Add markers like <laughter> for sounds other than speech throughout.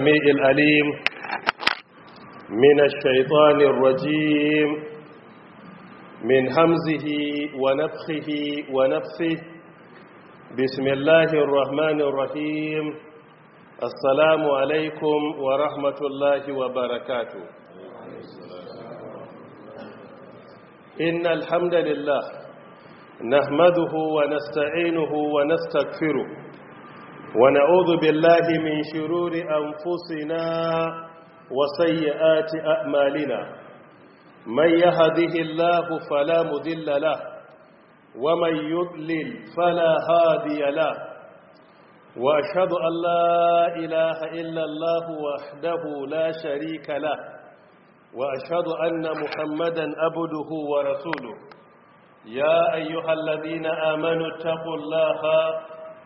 السميع الأليم من الشيطان الرجيم من همزه ونفخه ونفسه بسم الله الرحمن الرحيم السلام عليكم ورحمة الله وبركاته إن الحمد لله نحمده ونستعينه ونستغفره ونعوذ بالله من شرور أنفسنا وسيئات أعمالنا من يهده الله فلا مذل له ومن يضلل فلا هادي له وأشهد أن لا إله إلا الله وحده لا شريك له وأشهد أن محمدا أبده ورسوله يا أيها الذين آمنوا اتقوا الله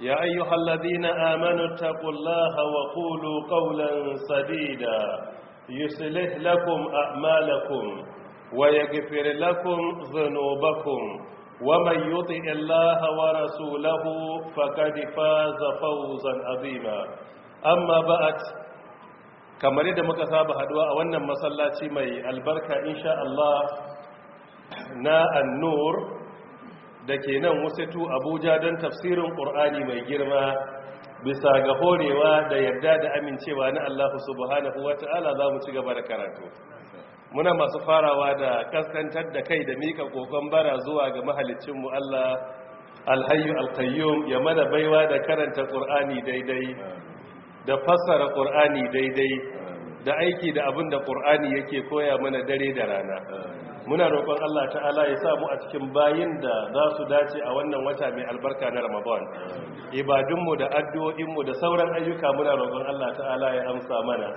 يا أيها الذين آمنوا اتقوا الله وقولوا قولا سديدا يصلح لكم أعمالكم ويغفر لكم ذنوبكم ومن يطع الله ورسوله فقد فاز فوزا عظيما أما بعد kamar yadda muka saba haduwa a wannan masallaci mai albarka insha Allah na annur da ke nan wasatu abuja don tafsirin ƙur'ani mai girma bisa ga horewa da yarda da amincewa na allahu subhanahu wa ta'ala za mu ci gaba da karatu muna masu farawa da kaskantar da kai da mika kokon bara zuwa ga mahalicinmu allah alhayu alkayyum ya mana baiwa da karanta ƙur'ani daidai da fassara ƙur'ani daidai da aiki da abin da ƙur'ani yake koya mana dare da rana muna roƙon Allah ta'ala ya mu a cikin bayin da za su dace a wannan wata mai albarka na Ramadan ibadunmu da addu'o'inmu da sauran ayyuka muna roƙon Allah ta'ala ya amsa mana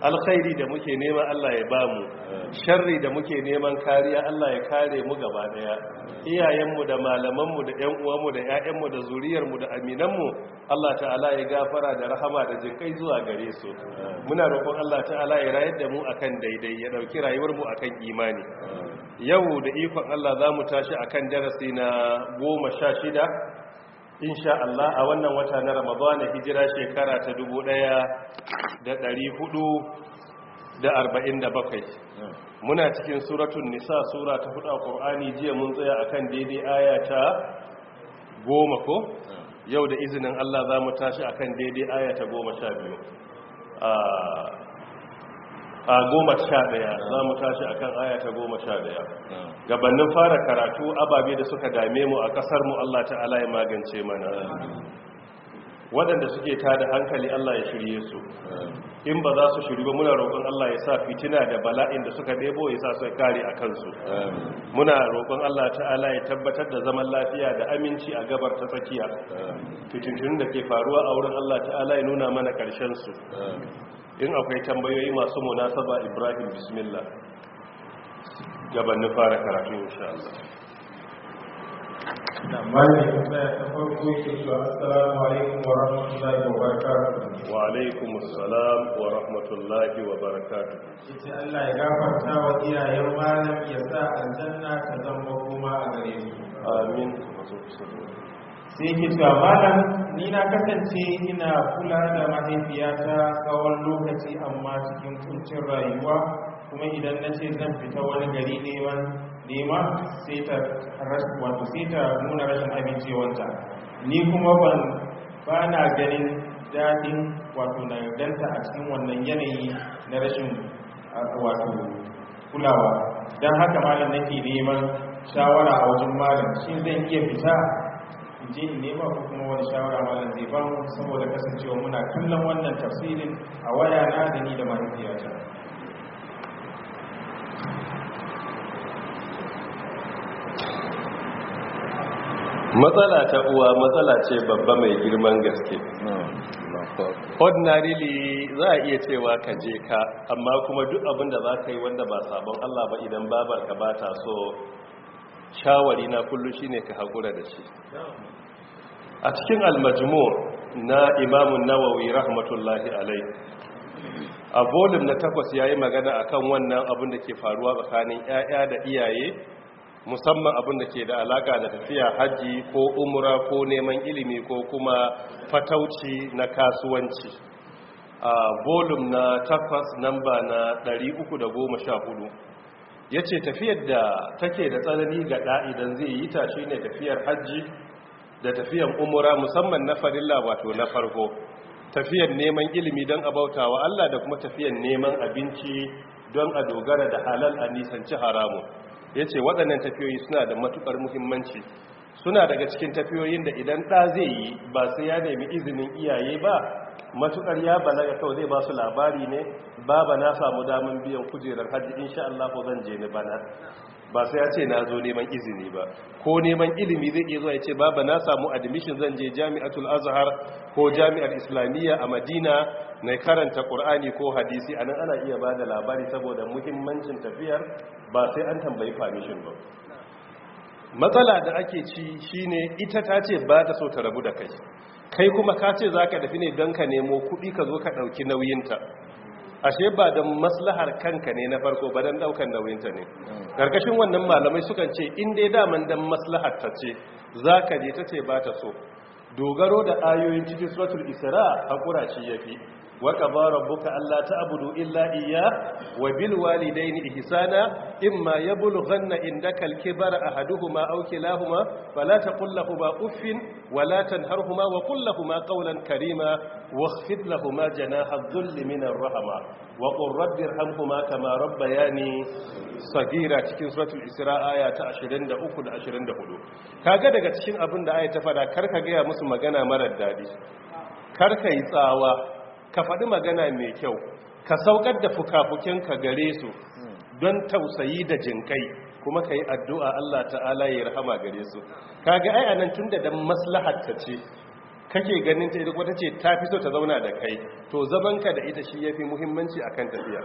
alkhairi da muke nema Allah ya bamu sharri da muke neman kariya Allah ya kare mu gaba daya iyayenmu da malamanmu da ƴan uwanmu da ƴaƴanmu da zuriyarmu da aminanmu Allah ta'ala ya gafara da rahama da jinkai zuwa gare su muna roƙon Allah ta'ala ya rayar da mu akan daidai ya ɗauki rayuwarmu mu akan imani yau da ikon Allah za mu tashi a kan darasi na goma sha shida insha Allah a wannan wata na ramadana hijira shekara ta dubu ɗaya da ɗari hudu da arba'in da bakwai muna cikin suratun nisa sura ta hudu a ƙor'ani jiya mun tsaya a kan daidai aya goma ko yau da izinin Allah za mu tashi a kan daidai aya goma sha biyu ah, a goma sha ɗaya za mu tashi akan aya ta goma sha ɗaya gabanin fara karatu ababe da suka dame mu a ƙasar mu Allah ta'ala ya magance mana waɗanda suke ta da hankali Allah ya shirye su in ba za su shiri ba muna roƙon Allah ya sa fitina da bala'in da suka ɗebo ya sa su kare a kansu muna roƙon Allah ta'ala ya tabbatar da zaman lafiya da aminci a gabar ta tsakiya fitintunin da ke faruwa a wurin Allah ta'ala ya nuna mana ƙarshen su in akwai tambayoyi masu munasaba Ibrahim bismillah gabanin fara karatu insha Allah wa alaikum assalam wa rahmatullahi wa barakatu ita Allah ya gafarta wa iyayen malam ya sa aljanna ta zama kuma a gare su amin sai ke cewa malam ni na kasance ina kula da mahaifiyata tsawon lokaci amma cikin kuncin rayuwa kuma idan na zan fita wani gari neman nema sai ta wato sai ta nuna rashin abinci wata ni kuma ban ba na ganin daɗin wato na danta a cikin wannan yanayi na rashin wato kulawa don haka malam nake neman shawara a wajen malam shi zan iya fita in je in nema ko kuma wani shawara malam zai ba mu saboda kasancewa muna kallon wannan tafsirin a waya na da ni da mahaifiyata matsala ta uwa matsala ce babba mai girman gaske ordinarily za a iya cewa ka je ka amma kuma duk abin da za ka yi wanda ba sabon Allah ba idan babar ka ba ta so shawari na kullu shine ka haƙura da shi a cikin almajmu na imamun nawawi rahmatullahi alai a volume na takwas ya yi magana a kan wannan abin da ke faruwa tsakanin 'ya'ya da iyaye musamman abin da ke da alaka da tafiya hajji ko umura ko neman ilimi ko kuma fatauci na kasuwanci a volum na takwas namba na 314 ya ce tafiyar da take da tsanani ga ɗa'idan zai yi ta shi ne tafiyar hajji da tafiyar umura musamman na farilla wato na farko tafiyar neman ilimi don wa Allah da kuma tafiyan neman abinci don a dogara da halal a nisanci haramun ya ce waɗannan tafiyoyi suna da matuƙar muhimmanci suna daga cikin tafiyoyin da idan ɗa zai yi ba sai ya nemi izinin iyaye ba matuƙar ya balaga kawai zai ba su labari ne baba na samu damin biyan kujerar hajji insha Allah ko zan je ni bana ba sai ya ce na zo neman izini ba ko neman ilimi zai iya zuwa ya ce baba na samu admission zan je jami'atul azhar ko jami'ar islamiyya a madina na karanta qur'ani ko hadisi anan ana iya bada labari saboda muhimmancin tafiyar ba sai an tambayi permission ba matsala da ake ci shine ita ta ce ba ta so ta rabu da kai kai kuma ka ce za ka tafi ne don ka nemo kuɗi ka zo ka ɗauki nauyinta ashe ba da maslahar kanka ne na farko ba dan daukan nauyinta ne ƙarƙashin wannan malamai sukan ce inda dai daman dan maslahar ta ce za ka je ta ce ba ta so dogaro da ayoyin cikin suratul isra hakura shi fi. waka ba rabbuka Allah ta'budu illa iyya wa bil walidayni ihsana imma yablughanna indaka al-kibara ahaduhuma aw kilahuma fala taqul lahuma uffin wala tanharhuma wa qul lahuma qawlan karima waghfir lahuma janaha adh-dhulli min ar-rahma wa qur rabbi irhamhuma kama rabbayani saghira cikin suratul isra aya ta 23 da 24 kaga daga cikin abinda aya ta fada ka gaya musu magana marar dadi karka yi tsawa ka faɗi magana mai kyau ka saukar da fuka gare su don tausayi da jinkai kuma ka yi addu'a Allah ta'ala ya rahama gare su kaga ai anan tun da dan maslahatta ce kake ganin ta wata ce ta fi so ta zauna da kai to zamanka da ita shi ya fi muhimmanci a kan tafiya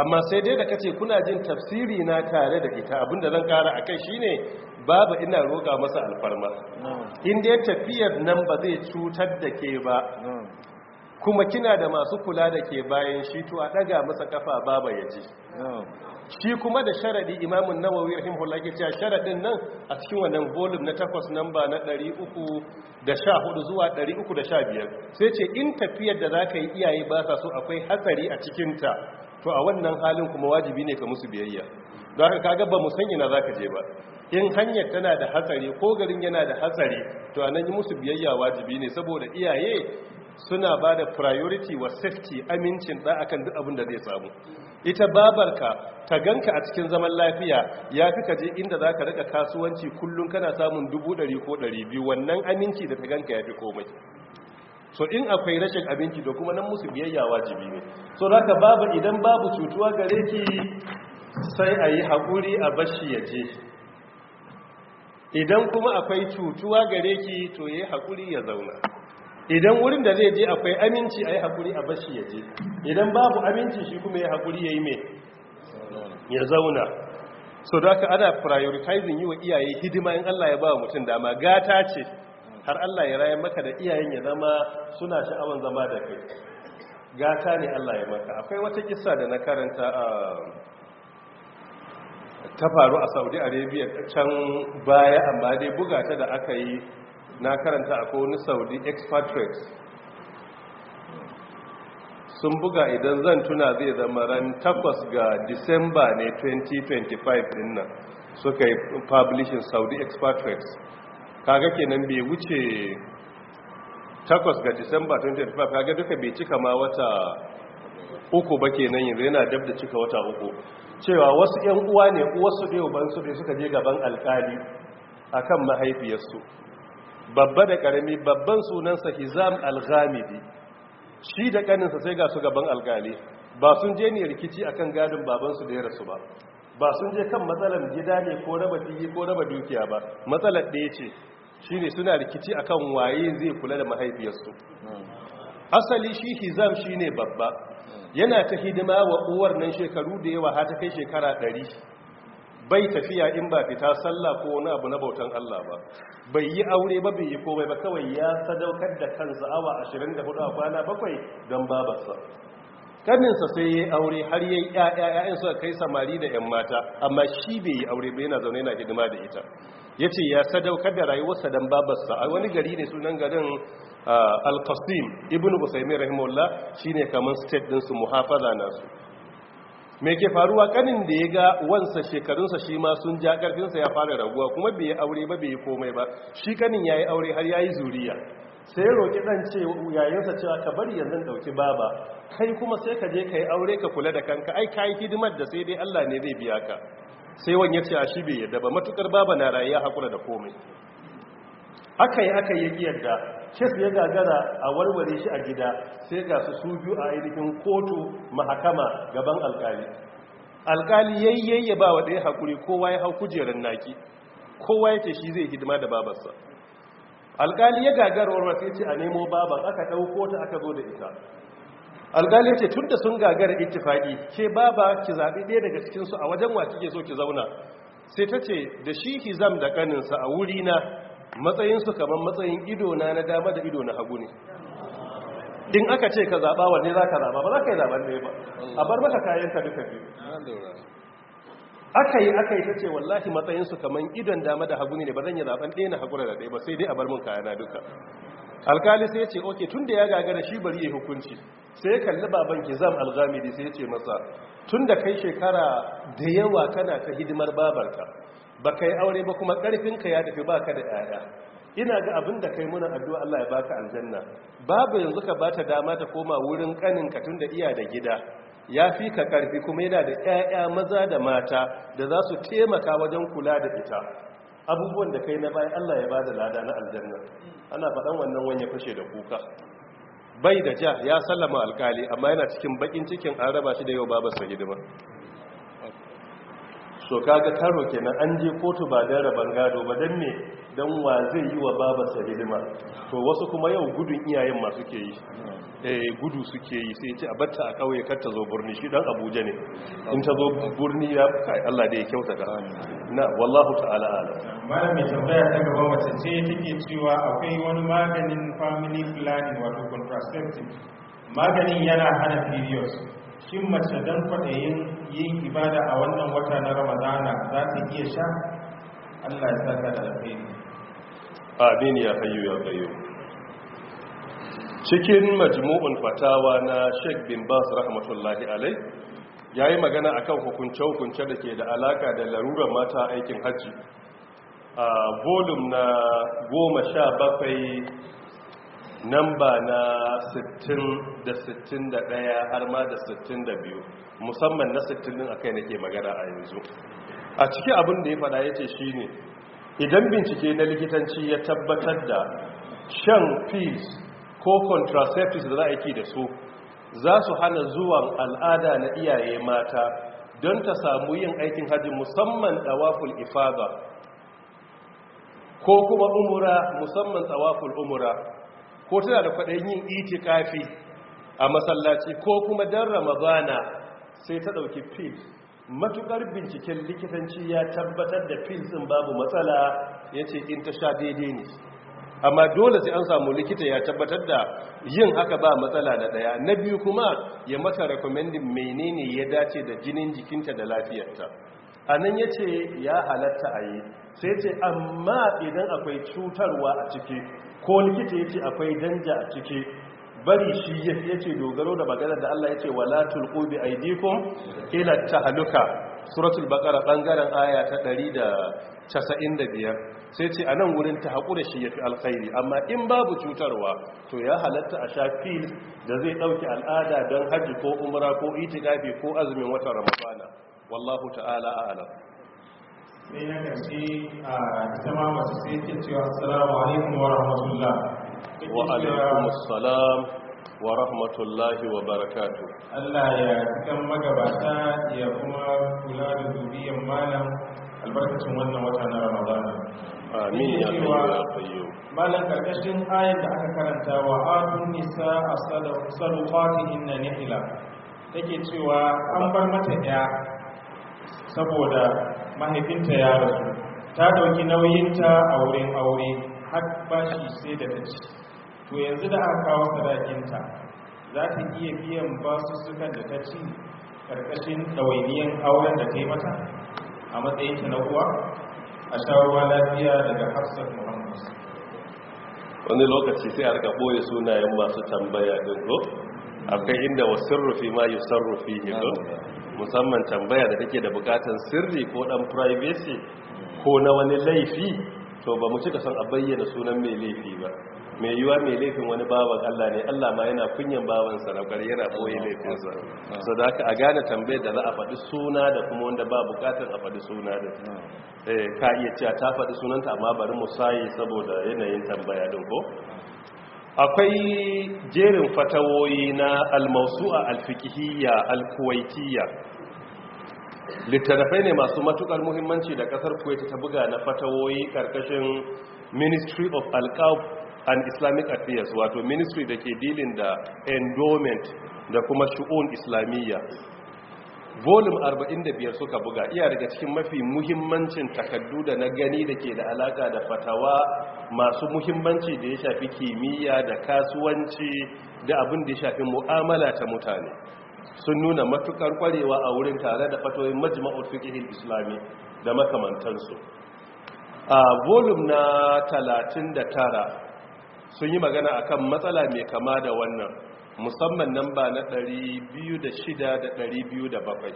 amma sai dai da kace kuna jin tafsiri na tare da ita da zan kara a kai shine babu ina roƙa masa alfarma inda ya tafiyar nan ba zai cutar da ke ba kuma kina da masu kula da ke bayan shi to a daga masa kafa baba ya ji shi kuma da sharadi imamun nawawi rahimahullah ke cewa sharadin nan a cikin wannan volume na takwas namba na 314 zuwa 315 sai ce in tafiyar da zaka yi iyaye ba sa so akwai hatsari a cikin to a wannan halin kuma wajibi ne ka musu biyayya don haka kaga ba mu san ina ka je ba in hanyar tana da hatsari ko garin yana da hatsari to anan yi musu biyayya wajibi ne saboda iyaye suna ba da priority wa safety amincin ɗan akan duk abin da zai samu ita babarka ta ganka a cikin zaman lafiya ya fi je inda za ka daga kasuwanci kullum kana samun dubu ɗari ko ɗari biyu wannan aminci da ta ganka ya fi komai so in akwai rashin abinci da kuma nan musu biyayya wajibi ne so za ka babu idan babu cutuwa gare ki sai a yi haƙuri a bashi ya je idan kuma akwai cutuwa gare ki to ya yi haƙuri ya zauna idan wurin da zai je akwai aminci a yi haƙuri a bashi ya je idan babu aminci shi kuma ya haƙuri ya yi mai ya zauna so da aka ana prioritizing yi wa iyaye hidima in Allah ya ba wa mutum dama gata ce har Allah ya rayar maka da iyayen ya zama suna sha'awan zama da kai gata ne Allah ya maka akwai wata kisa da na karanta a ah, ta faru a saudi arabia can baya amma dai buga ta da aka yi na karanta a wani saudi expatriates sun buga idan zan tuna zai zama ran 8 ga disamba ne 2025 din nan suka yi publishing saudi expatriates kaga kenan bai wuce 8 ga disamba 2025 kaga duka bai cika ma wata uku ba kenan yanzu yana dab da cika wata uku cewa wasu 'yan uwa ne wasu ɗaya ubansu ne suka je gaban alkali akan mahaifiyarsu babba da karami babban sunansa hizam al-ghamidi shi da kaninsa sai ga su gaban alƙali. ba sun je ne rikici akan gadin babansu da ya rasu ba ba sun je kan matsalar gida ne ko raba fili ko raba dukiya ba matsalar ɗaya ce shine suna rikici akan waye zai kula da mahaifiyarsu asali shi hizam shine babba yana ta hidima wa uwar nan shekaru da yawa har ta kai shekara ɗari. bai tafiya in ba fita sallah ko wani abu na bautan Allah ba bai yi aure ba bai yi komai ba kawai ya sadaukar da kansa awa 24 a kwana bakwai don babarsa kaninsa sai ya yi aure har ya yi ‘ya'ya'ya'yan suka kai samari da ‘yan mata amma shi bai yi aure bai yana zaune yana hidima da ita ya ce ya sadaukar da rayuwarsa don babarsa a wani gari ne sunan garin ah, al-qasim ibn usaimi shi shine kamar state ɗinsu muhafaza nasu me ke faruwa kanin da ya ga wansa shekarunsa shi ma sun ja karfinsa ya fara raguwa kuma bai aure ba bai komai ba shi kanin ya yi aure har ya yi zuriya sai roƙi ɗan ce yayinsa cewa ka bari yanzu ɗauki baba kai kuma sai ka je ka yi aure ka kula da kanka ai ka yi hidimar da sai dai Allah ne zai biya ka sai wani ya ce a shi bai yadda ba matukar baba na rayuwa haƙura da komai aka yi aka yi yadda kes ya gagara a warware shi a gida sai ga su su biyu a ainihin kotu mahakama gaban alkali alkali yayyayya ba wa ɗaya hakuri kowa ya hau kujerar naki kowa ce shi zai hidima da babarsa alkali ya gagara sai ce a nemo baban aka ɗau ta aka zo da ita alkali ya ce tun da sun gagara ittifaƙi ke baba ki zaɓi ɗaya daga cikinsu a wajen wa kike so ki zauna sai ta ce da shi hizam da ƙaninsa a wurina matsayinsu kamar matsayin ido na na dama da ido na hagu ne in aka ce ka zaɓa wanne za ka zaɓa ba za ka yi zaɓar ne ba a bar maka kayan ka duka biyu aka yi aka yi ta ce wallahi matsayinsu kamar idon dama da hagu ne ba zan yi zaɓen ɗaya na hagu da ɗaya ba sai dai a bar mun kayana duka alkali sai ya ce oke tun da ya gagara shi bari ya hukunci sai ya kalli baban kizam algamidi sai ya ce masa tun da kai shekara da yawa kana ta hidimar babarka ba ka yi aure ba kuma ƙarfinka ya tafi ba ka da ‘ya'ya ina ga abin da kai muna addu'a Allah ya baka aljanna babu yanzu ka ba ta dama ta koma wurin ka tun da iya da gida ya fi ka ƙarfi kuma yana da ‘ya'ya maza da mata da za su taimaka wajen kula da ita abubuwan da kai na bayan Allah ya ba da lada na aljanna ana faɗan wannan wani ya fashe da kuka bai da ja ya sallama alkali amma yana cikin bakin cikin an raba shi da yau babarsa hidima so kaga karo kenan an je kotu ba don rabar gado ba dan me don wa zai yi wa baba hidima to wasu kuma yau gudun iyayen masu ke yi eh gudu suke yi sai ce a batta a kauye kar ta zo birni shi dan Abuja ne in ta zo birni ya kai Allah da ya kyauta ka na wallahu ta'ala ala mai tambaya ta gaba mace ce take cewa akwai wani maganin family planning wato contraceptive maganin yana hana periods shin mace don kwaɗayin yin ibada a wannan wata na ramadana za ta iya sha allah ya saka da alheri amin ya hayo ya bayo cikin majmu'un fatawa na sheikh bin bas rahmatullahi alai ya yi magana a kan hukunce-hukunce da ke da alaka da larurar mata aikin hajji a volum na goma sha bakwai namba na 60 da 61 har ma da 62 musamman na 60 din akai nake magana a yanzu a cikin abin da ya fada yace shine idan bincike na likitanci ya tabbatar da shan pills ko contraceptives da za a yi da su za su hana zuwan al'ada na iyaye mata don ta samu yin aikin hajji musamman dawaful ifada ko kuma umura musamman tawaful umura ko tana da kwaɗayin yin itikafi a masallaci ko kuma dan ramadana sai ta ɗauki fil Matuƙar binciken likitanci ya tabbatar da fil ɗin babu matsala ya ce in ta sha daidai ne amma dole sai an samu likita ya tabbatar da yin haka ba matsala da ɗaya na biyu kuma ya mata rekomendin menene ya dace da jinin jikinta da lafiyarta a nan ya ce ya halatta a yi sai ce amma idan akwai cutarwa a ciki ko likita yace akwai danja a cike bari shi ya dogaro da maganar da Allah yace ce wala tulqu bi aydikum ila tahluka suratul baqara bangaren aya ta 195 sai ce anan gurin ta hakura shi yafi alkhairi amma in babu cutarwa to ya halatta a shafi da zai dauki al'ada don hajji ko umra ko itikafi ko azumin watan ramadana wallahu ta'ala a'lam sai na karshe a ita ma masu sai ke cewa Salamu alaikum wa rahmatullah wa alaikum assalam wa rahmatullahi wa barakatu Allah ya cikin magabata ya kuma kula da zuriyar malam albarkacin wannan wata na ramadana amin ya kayyo malam karkashin ayin da aka karanta wa adun nisa a sadaqatihin nihila take cewa an bar mata ɗaya saboda mahaifinta ya rasu ta dauki nauyinta a wurin aure har ba shi sai da ta ci to yanzu da aka kawo sadakinta za ta iya biyan ba su sukan da ta ci karkashin ɗawainiyar auren da ta yi mata a matsayinta na uwa a shawarwa lafiya daga hafsat muhammad wani lokaci sai a rika ɓoye sunayen masu tambaya ɗin ko akwai inda wasu rufi ma yi sarrufi ko musamman tambaya da take da bukatan sirri ko dan privacy ko na wani laifi to ba mu cika son a bayyana sunan mai laifi ba mai yiwa mai laifin wani bawan Allah ne Allah ma yana kunyan sa sadaukar yana boye laifinsa so da haka a gane tambayar da za a faɗi suna da kuma wanda ba bukatar a faɗi suna da eh, ka iya cewa ta faɗi sunanta amma bari mu saye saboda yanayin tambaya din ko akwai jerin fatawoyi na almausu'a alfikihiyya alkuwaitiyya littattafai ne masu matukar muhimmanci da kasar kuwait ta buga na fatawoyi karkashin ministry of alqab and islamic affairs wato ministry da ke dilin da endowment da kuma shu'un islamiyya volume biyar suka buga iya daga cikin mafi muhimmancin takaddu da na gani da ke da alaka da fatawa masu muhimmanci da ya shafi kimiyya da kasuwanci da abin da ya shafi mu'amala ta mutane sun nuna matukar kwarewa a wurin tare da fatoyin majma'ul fikihin islami da makamantansu a volume na talatin da tara, sun yi magana akan matsala mai kama da wannan musamman nan ba na 206 da 207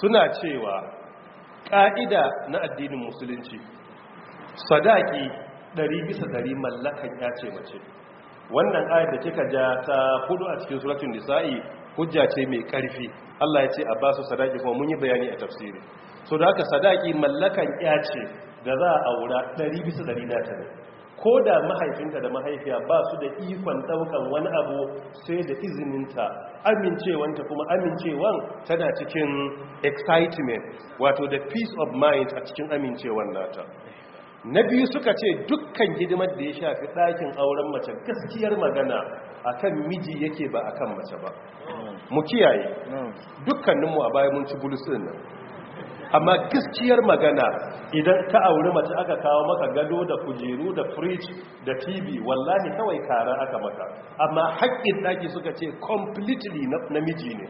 suna cewa ƙa'ida na addinin musulunci sadaki 100 100 mallakan ya ce mace wannan ayar da kika ja ta hudu a cikin suratun nisa'i hujja ce mai ƙarfi, Allah ya ce a basu sadaki kuma mun yi bayani a tafsiri so da haka sadaki mallakan ya ce da za a aura 100 bisa 100 na tare ko da mahaifinta da mahaifiya ba su da ikon daukan wani abu sai da izininta amincewanta kuma amincewan tana cikin excitement wato da peace of mind a cikin amincewan nata na biyu suka ce dukkan hidimar da ya shafi ɗakin auren mace gaskiyar magana a kan miji yake ba a kan mace ba mu kiyaye hmm. dukkaninmu a bayan mun ci bulus nan amma gaskiyar magana idan ka auri mace aka kawo maka gado da kujeru da fridge da tv wallahi kawai kara aka maka amma haƙƙin ɗaki suka ce completely namiji ne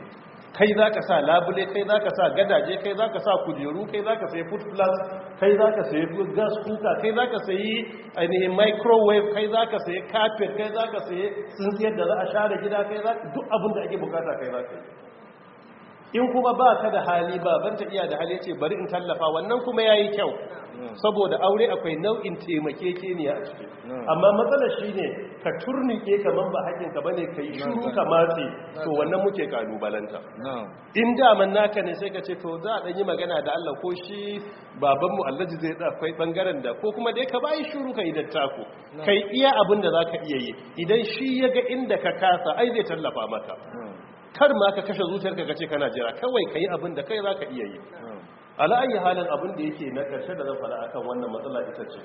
kai za ka sa labule kai za ka sa gadaje kai za ka sa kujeru kai za ka sai food plus kai za ka sai gas cooker kai za ka sai ainihin microwave kai za ka sai carpet kai za ka sayi tsintsiyar da za a share gida kai za ka duk abin da ake bukata kai za ka yi in kuma ba ka da hali ba ban ta iya da hali ce bari in tallafa wannan kuma ya yi kyau saboda aure akwai nau'in ne a ciki hmm. amma matsalar shi ne ka turnike kamar ba hakinka ba ne ka yi shuru ka matse to wannan muke kalubalanta in daman naka ne sai ka ce to za a ɗanyi magana da allah ko shi babanmu allaji zai akwai ɓangaren da ko kuma dai ka ba bayi shuru ka yi dattako ka yi iya abin da za ka iya yi idan shi ya ga inda ka kasa ai zai tallafa maka hmm. kar ma ka kashe zuciyar ka ce kana jira kawai ka yi abin da kai zaka iya yi ayi halin abin da yake na ƙarshe da zan fara akan wannan matsala ita ce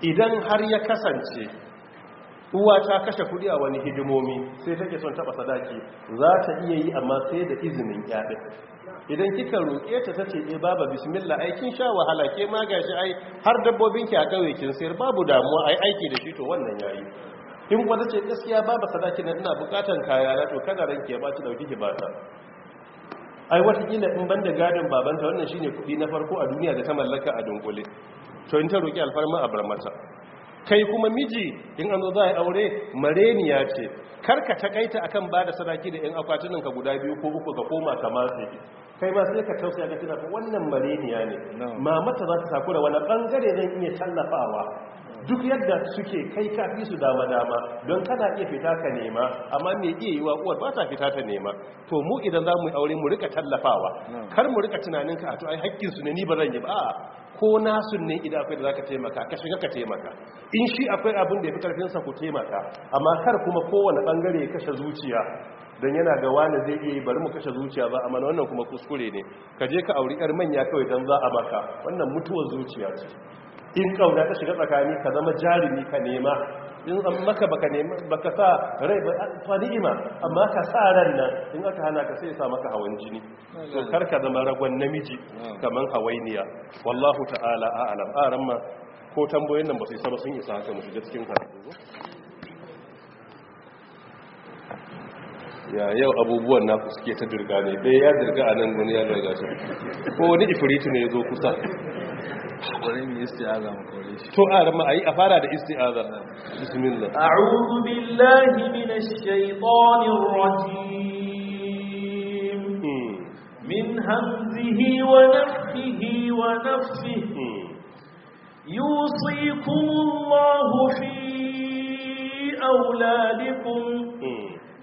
idan har ya kasance uwa ta kashe kuɗi a wani hidimomi sai take son taɓa sadaki za ta iya yi amma sai da izinin yaɗe idan kika roƙe ta tace ne eh, baba bismillah ai kin sha wahala ke ma gashi ai har dabbobin ki a kauye kin sayar babu damuwa ai aiki da shi to wannan yayi in wanda ce gaskiya ba ba sadaki na ina bukatan kaya na to kana ranke ba ki dauki hibata ai wata kila in banda gadin babanta wannan shine kudi na farko a duniya da ta mallaka a dunkule to in ta roki alfarma a bar kai kuma miji in an zo za a aure mareniya ce karka takaita akan ba da sadaki da yan akwatunan ka guda biyu ko uku ka koma kamar sai kai ba sai ka tausaya ga kina wannan mareniya ne mamata za ta takura wani bangare zan iya tallafawa duk yadda suke kai kafi su dama dama don kana iya fita ka nema amma me iya yi wa uwar ba ta fita ta nema to mu idan za mu yi aure mu rika tallafawa kar mu rika tunanin ka to ai hakkin su ne ni ba zan yi ba ko nasu ne idan akwai da zaka taimaka ka shiga ka taimaka in shi akwai abin da ya fi karfin sa ku taimaka amma kar kuma kowane bangare ya kashe zuciya don yana ga wani zai iya yi bari mu kashe zuciya ba amma wannan kuma kuskure ne ka je ka auri yar manya kawai don za a maka wannan mutuwar zuciya ce in kauna ta shiga tsakani ka zama jarumi ka nema in maka baka nema baka sa rai ba fa ni'ima amma ka sa ran nan in aka hana ka sai ya sa maka hawan jini to kar ka zama ragon namiji kaman hawainiya wallahu ta'ala a'lam aran ma ko tambayoyin nan ba su isa sun isa haka mu shiga cikin karatu ya yau abubuwan naku suke ta dirga ne bai ya dirga a nan wani ya dirga shi ko wani ifiriti ne ya zo kusa shi to a rama yi a fara da isti'aza bismillah a'udhu billahi minash shaitanir rajim hmm. min hamzihi wa nafthihi wa nafthihi hmm.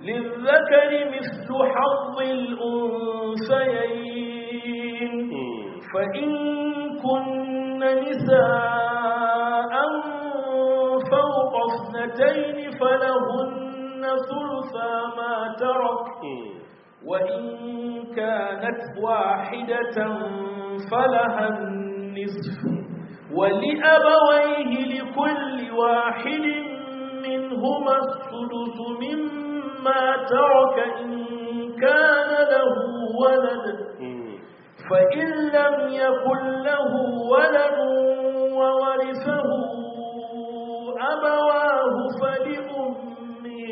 للذكر مثل حظ الأنثيين فإن كن نساء فوق اثنتين فلهن ثلثا ما ترك وإن كانت واحدة فلها النصف ولأبويه لكل واحد منهما الثلث مما ترك إن كان له ولد فإن لم يكن له ولد وورثه أبواه فلأمه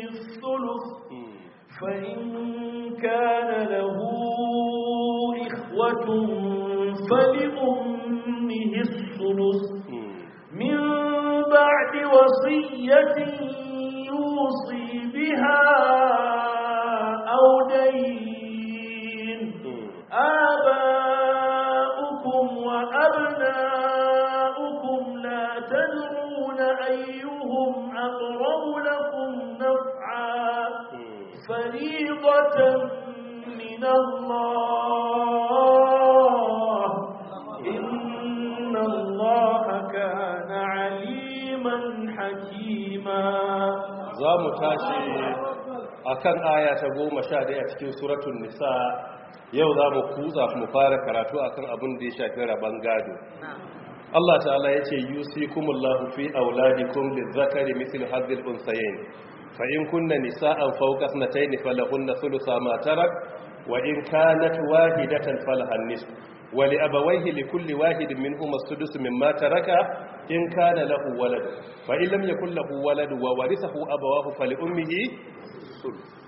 الثلث فإن كان له إخوة فلأمه الثلث من بعد وصية يوصي بها أو دين آباؤكم وأبناؤكم لا تدرون أيهم أقرب لكم نفعا فريضة من الله حكيما زام تاشي ta goma sha daya cikin suratun nisa, yau za mu kuza mu fara karatu akan abin da ya shafi rabon gado Allah ta'ala ya ce yusikumullahu fi auladikum lizakari misl hadhil unsayayn fa in kunna nisa'an fawqa ithnatayn falahunna thuluthu ma tarak wa in kanat wahidatan falahan nisfu wali abawaihi li kulli wahidin minhum as-sudus mata raka. in kana lahu walad fa in lam yakul lahu walad wa warithahu abawahu fali ummihi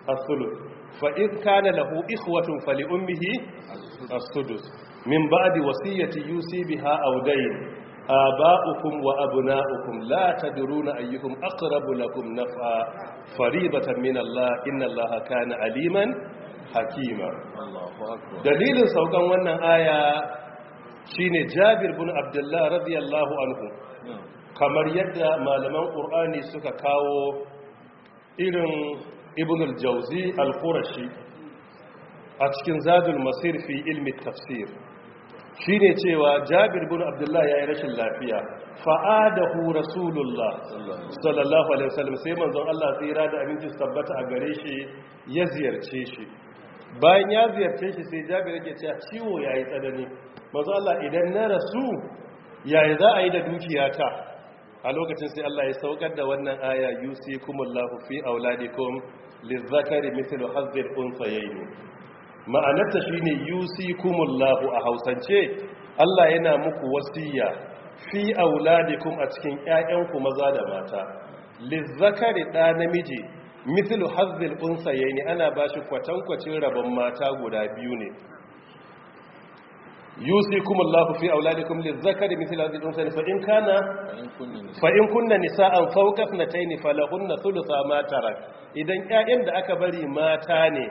as-sulus fa in kana lahu ikhwatun fali ummihi as-sudus min ba'di wasiyati yusi biha aw dayn aba'ukum wa abna'ukum la tadruna ayyuhum aqrabu lakum naf'a faribatan min Allah inna Allah kana aliman hakima dalilin saukan wannan aya shine jabir bin abdullah radiyallahu anhu kamar yadda malaman qur'ani suka kawo irin ibn al-jawzi al-qurashi a cikin zadul masir fi ilmi tafsir shine cewa jabir bin abdullah yayi rashin lafiya fa'adahu rasulullah sallallahu alaihi wasallam sai manzon Allah tsira da aminci tabbata a gare shi ya ziyarce shi bayan ya ziyarce shi sai jabi yake cewa ciwo yayi tsanani Mazu Allah idan na rasu yi za a yi da dukiya ta? a lokacin sai Allah ya saukar da wannan aya yusikumullahu fi auladikum lizakari mithlu hazzil unsayayn ma'anarta shine yusikumullahu a hausance Allah yana muku wasiya fi auladikum a cikin ƴaƴanku maza da mata lizakari da namiji mithlu hazzil unsayaini ana bashi kwatankwacin rabon mata guda biyu ne yusikum Allahu fi auladikum lizakari mithlu hazzil unsayaini fa in kana fa in kunna nisaan fawqa na falahunna thulutha ma tarak idan ƴaƴan da aka bari mata ne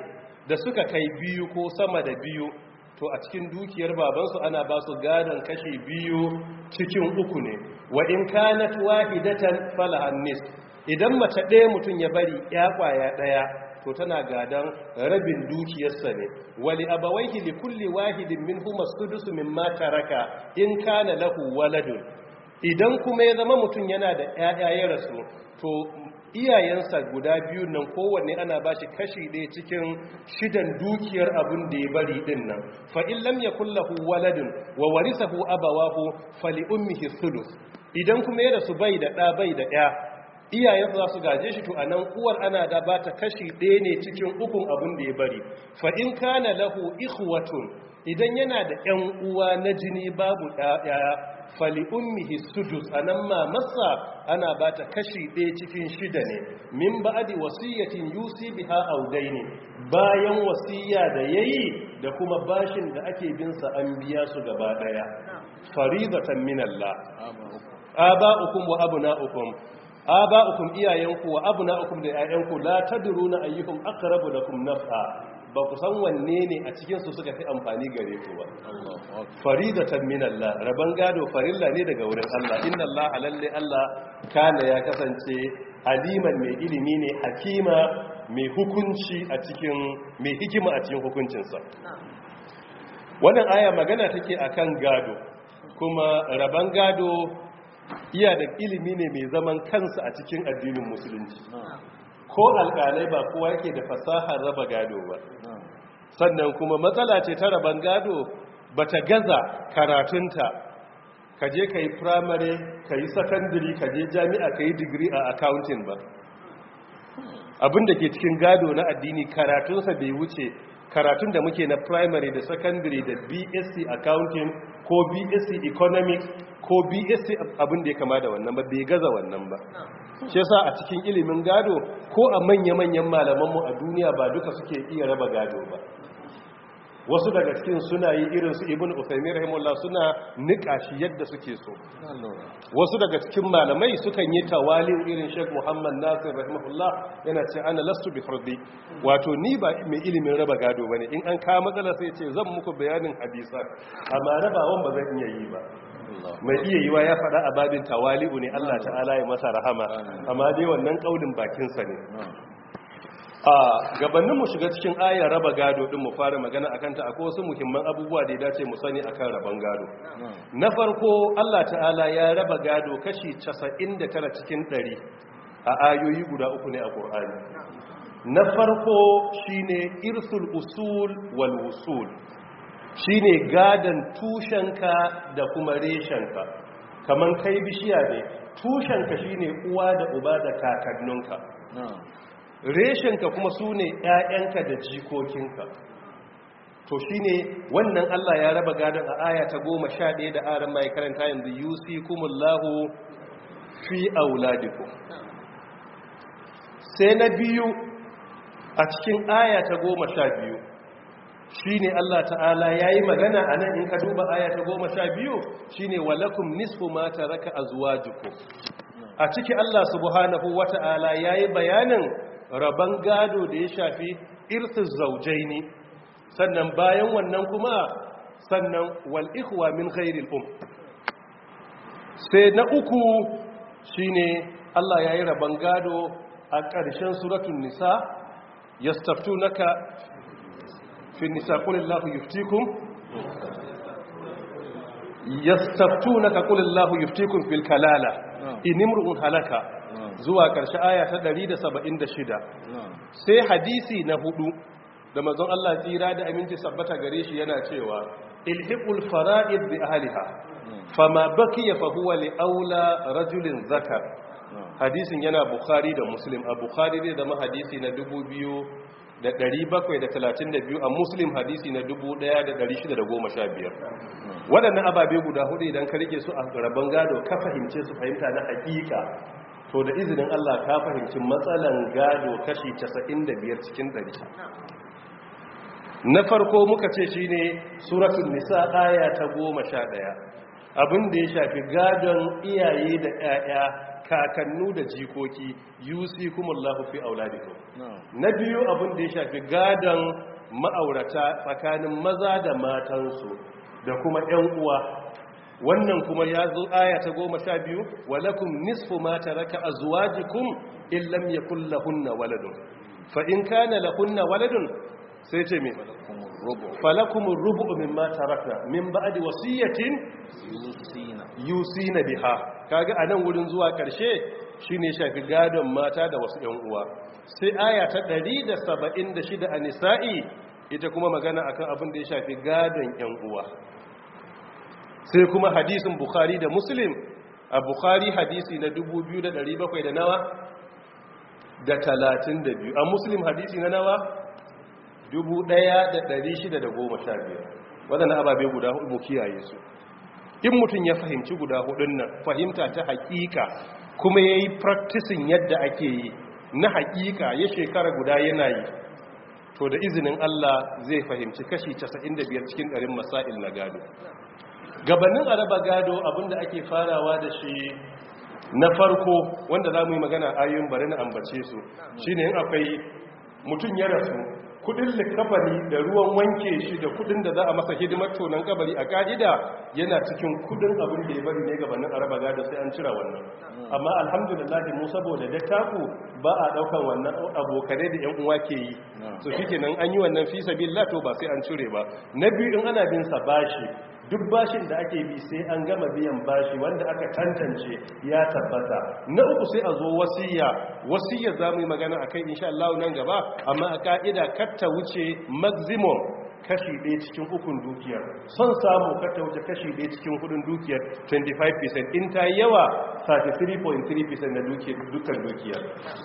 da suka kai biyu ko sama da biyu to a cikin dukiyar babansu ana ba su gadon kashi biyu cikin uku ne wa in kanat wahidatan falahan idan mace ɗaya mutum ya bari ya kwaya ɗaya to tana gadon rabin dukiyarsa ne wali abawaihi li kulli wahidin minhum as-sudusu mimma taraka in kana lahu waladun idan kuma ya zama mutum yana da ƴaƴa ya rasu to iyayensa guda biyu nan kowanne ana bashi kashi ɗaya cikin shidan dukiyar abin da ya bari ɗin nan fa'in lam ya Waladun; waladun wa abawa hu, fali ummihi sulus idan kuma ya rasu bai da ɗa bai da ɗaya iyayen za su gaje shi to a nan uwar ana da ba ta kashi ɗaya ne cikin ukun abin da ya bari fa in na lahu ikhwatun idan yana da yan uwa na jini babu ɗaya fali'un ummihi a nan ma masa ana ba ta kashi ɗaya cikin shida ne min ba'di wasiyyatin yusi ha audai ne, bayan wasiya da ya yi da kuma bashin da ake bin sa an biya su gaba ɗaya faridatan uku Allah aba'ukum wa ukun. aba'ukum iyayenku wa abna'ukum da ya'yanku la tadruna ayyuhum aqrabu lakum naf'a ba ku san wanne ne a cikin su suka fi amfani gare ku ba faridatan min Allah raban gado farilla ne daga wurin Allah inna Allah Allah kana ya kasance aliman mai ilimi ne hakima mai hukunci a cikin mai hikima a cikin hukuncinsa wannan aya magana take akan gado kuma raban gado iya da ilimi ne mai zaman kansa a cikin addinin musulunci ah. ko alƙalai ba kowa yake da fasahar raba gado ba ah. sannan kuma matsala ce ta raban gado ba ta gaza karatunta ka je ka yi firamare ka yi sakandiri ka je jami'a ka yi digiri a accounting ba abinda ke cikin gado na addini karatunsa bai wuce karatun da muke na primary da secondary da bsc accounting ko bsc economics ko bsc abin da ya kama da wannan ba bai gaza wannan ba shi yasa a cikin ilimin gado ko a manya-manyan malamanmu a duniya ba duka suke iya raba gado ba wasu daga cikin suna yi irin su ibn usaimin rahimullah suna nika shi yadda suke so wasu daga cikin malamai sukan yi tawali irin sheikh muhammad nasir rahimahullah yana ce ana lastu bi fardi wato ni ba mai ilimin raba gado bane in an kawo matsala sai ce zan muku bayanin hadisa amma rabawan ba zan iya yi ba mai iya yiwa ya faɗa a babin tawali'u ne Allah ta'ala ya masa rahama amma dai wannan kaulin bakinsa ne a gabanin mu shiga cikin ayar raba gado din mu fara magana akan ta akwai wasu muhimman abubuwa da ya dace mu sani akan raban gado na farko Allah ta'ala ya raba gado kashi 99 cikin 100 a ayoyi guda uku ne a Qur'ani na farko shine irsul usul wal wusul shine gadan tushenka da kuma reshen reshenka kaman kai bishiya ne tushenka shine uwa da uba da kakanninka reshenka kuma su ne ‘ya'yanka da jikokinka to shi ne wannan Allah ya raba gadon a aya goma sha ɗaya da aran mai karanta yanzu yusi kumullahu fi auladiku sai na biyu a cikin aya ta goma sha biyu shi ne Allah ta'ala ya yi magana a nan in ka duba aya ta goma sha biyu shi ne Walakun nisfu mata raka a zuwa jiko a ciki Allah subhanahu wata'ala ya yi bayanin raban gado da ya shafi zaujai ne sannan bayan wannan kuma sannan wal ikhwa min ghairil um sai na uku shine Allah yayi raban gado a ƙarshen suratun nisa yastaftunaka fi nisa qulillahu yuftikum yastaftunaka qulillahu yuftikum fil kalala ah. in halaka zuwa ƙarshe aya ta 176 sai hadisi na hudu da mazan Allah tsira da aminci sabbata gare shi yana cewa ilhiqul fara'id bi ahliha fama bakiya fa huwa li aula rajulin zakar hadisin yana bukhari da muslim a bukhari ne da hadisi na 2732 a muslim hadisi na 1615 waɗannan ababe guda hudu idan ka rike su a rabon gado ka fahimce su fahimta na hakika to da izinin Allah ka fahimci matsalan gado kashi 95 cikin 100 na farko muka ce shine suratul nisa aya ta 11 abin da ya shafi gadon iyaye da ƴaƴa kakannu da jikoki Allahu fi auladikum na biyu abin da ya shafi gadon ma'aurata tsakanin maza da matansu da kuma ƴan uwa wannan kuma ya zo aya ta goma sha biyu walakum nisfu ma taraka azwajikum in lam yakul lahunna waladun fa in kana lahunna waladun sai ce me falakum rubu mimma raka. min ba'di wasiyatin yusina yusina biha kaga anan wurin zuwa karshe shine shafi gadon mata da wasu ƴan uwa sai aya ta 176 a nisa'i ita kuma magana akan abin da ya shafi gadon ƴan uwa sai kuma hadisin bukhari da muslim a bukhari hadisi na 2700 da nawa da 32 a muslim hadisi na nawa 1615 wadanda ababe guda hudu kiyaye su in mutum ya fahimci guda hudun nan fahimta ta hakika kuma ya yi practicing yadda ake yi na hakika ya shekara guda yana yi to da izinin Allah zai fahimci kashi 95 cikin ɗarin masail na gado gabanin araba gado abinda ake farawa da shi na farko wanda za mu yi magana ayoyin bari na ambace su shi ne akwai mutum ya rasu kudin likabari da ruwan wanke shi da kudin da za a masa hidimar tonon kabari a ka'ida yana cikin kudin abin da ya bari ne gabanin araba gado sai an cira wannan amma alhamdulillah mu saboda da taku ba a daukan wannan abokane da yan uwa ke yi so shikenan an yi wannan fi sabi to ba sai an cire ba na biyu in ana bin sa bashi duk bashin da ake bi sai an gama biyan bashi wanda aka tantance ya tabbata na uku sai a zo wasiya wasiyar za mu yi magana a kai insha nan gaba amma a ka'ida kar ta wuce maximum kashi ɗaya cikin ukun dukiyar son samu kata wuce kashi ɗaya cikin hudun dukiyar 25% in ta yi yawa 33.3% na dukkan dukiyar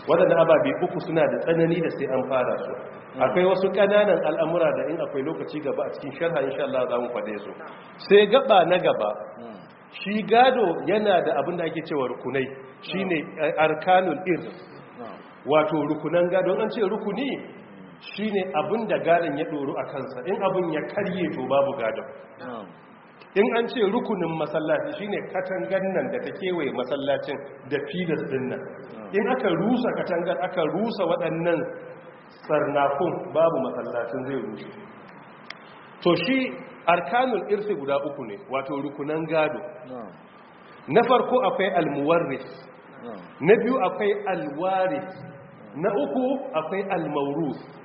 waɗanda ababe uku suna da tsanani da sai an fara su akwai wasu ƙananan al'amura da in akwai lokaci gaba a cikin sharha insha Allah za mu kwade su sai gaba na gaba shi gado yana da abin da ake cewa rukunai shine eh, arkanul irs wato rukunan gado an ce rukuni ne abin da gadon ya ɗoru a kansa in abin ya karye to babu gadon in an ce rukunin masallaci shi ne katangar nan da ta kewaye masallacin da filas din nan in aka rusa katangar aka rusa waɗannan sarnakun babu masallacin zai rushe to shi arkanun irsi guda uku ne wato rukunan gado na farko akwai almuwarris na biyu akwai alwaris na uku akwai almaurus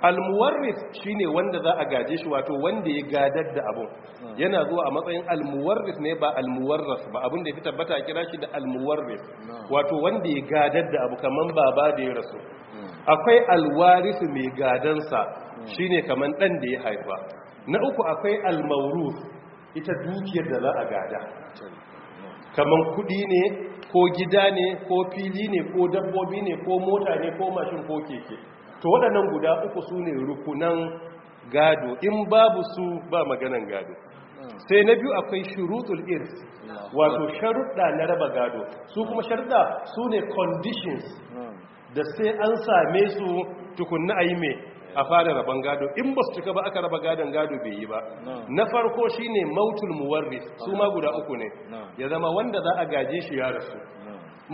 almuwarris shine wanda za a gaje shi wato wanda ya gadar da abu yana zuwa a matsayin almuwarris ne ba almuwarras ba abin da ya fi tabbata kira shi da almuwarris wato wanda ya gadar da abu kaman baba da ya rasu akwai alwarisu mai gadansa shine kaman dan da ya haifa na uku akwai almaurus ita dukiyar da za a gada kaman kudi ne ko gida ne ko fili ne ko dabbobi ne ko mota ne ko mashin ko keke to waɗannan guda uku su ne rukunan gado in babu su ba maganan gado sai na biyu akwai shirutul irs wato sharuɗa na raba gado su kuma sharuɗa su ne conditions da sai an same su tukunna a yi mai a fara raban gado in ba su cika ba aka raba gadon gado bai yi ba na farko shi shine mautul muwarris su ma guda uku ne ya zama wanda za a gaje shi ya rasu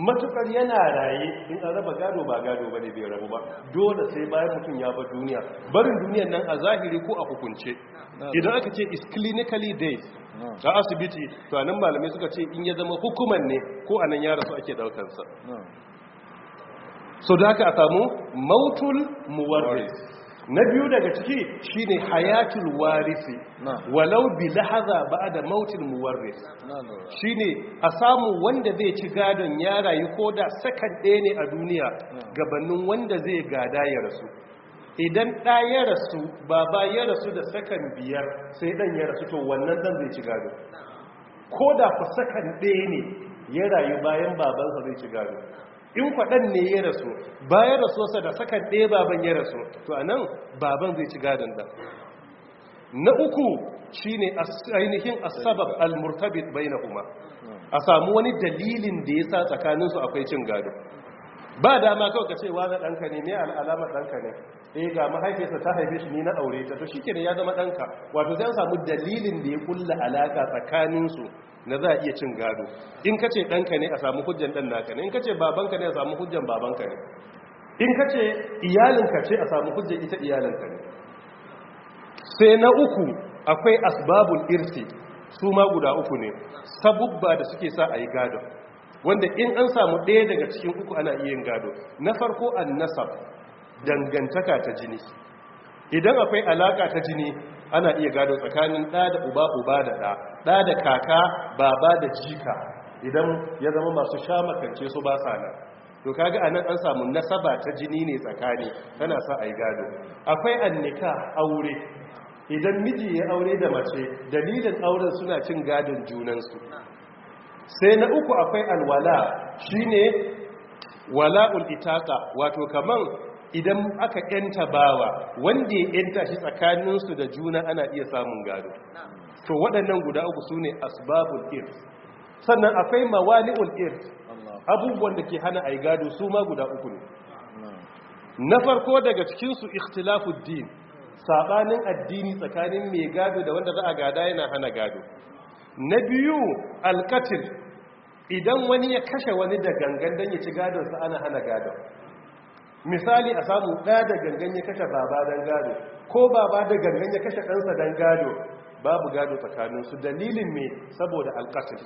matukar yana raye in an raba gado ba gado ba ne bai rabu ba dole sai bayan mutum ya bar duniya barin duniyan nan a zahiri ko a hukunce idan aka ce is clinically dead a asibiti to anan malamai suka ce in ya zama hukuman ne ko anan ya rasu ake daukansa hmm. so da haka a samu mautul muwarris na biyu daga ciki shine hayatul warisi walau bi lahaza da mautin muwarris ne a samu wanda zai ci gadon ya rayu ko da sakan ɗaya ne a duniya gabanin wanda zai gada ya rasu idan ɗa ya rasu baba ya rasu da sakan biyar sai ɗan ya rasu to wannan ɗan zai ci gado ko da fa sakan ɗaya ne ya rayu bayan babansa zai ci gado in kwaɗan ne ya rasu bayan rasuwarsa da sakan ɗaya baban ya rasu to a nan baban zai ci gadon da na uku shi ne ainihin asabab al-murtabit bai na kuma a samu wani dalilin da ya sa tsakaninsu akwai cin gado ba dama kawai ka ce wa na ɗanka ne ne al'alamar ɗanka ne eh ga mahaifiyarsa ta haife shi ni na aure ta to shikenan ya zama danka wato sai an samu dalilin da ya kulla alaka tsakanin su na za a iya cin gado in kace danka ne a samu hujjan dan naka ne in kace babanka ne a samu hujjan babanka ne in kace iyalinka ce a samu hujjan ita iyalinka ne sai na uku akwai asbabul irsi su ma guda uku ne sabubba da suke sa a yi gado wanda in an samu ɗaya daga cikin uku ana iya yin gado na farko an nasab dangantaka ta jini idan akwai alaka ta jini ana iya gado tsakanin ɗa da uba uba da ɗa ɗa da kaka baba da jika idan ya zama masu sha makance su ba sa nan to kaga anan an samu nasaba ta jini ne tsakani tana sa ai gado akwai annika aure idan miji ya aure da mace dalilin auren suna cin gadon junansu sai na uku akwai alwala shine wala'ul itaka wato kaman idan aka yanta bawa wanda ya yanta shi tsakaninsu da juna ana iya samun gado to waɗannan guda uku su ne asbabul irs sannan akwai mawali'ul irs abubuwan da ke hana a gado su ma guda uku ne na farko daga cikinsu ikhtilafud din saɓanin addini tsakanin mai gado da wanda za a gada yana hana gado na biyu alkatil idan wani ya kashe wani da gangan don ya ci gadonsa ana hana gadon misali a samu ɗaya da gangan ya kashe baba don gado ko baba da gangan ya kashe ɗansa don gado babu gado tsakaninsu dalilin me saboda alƙasir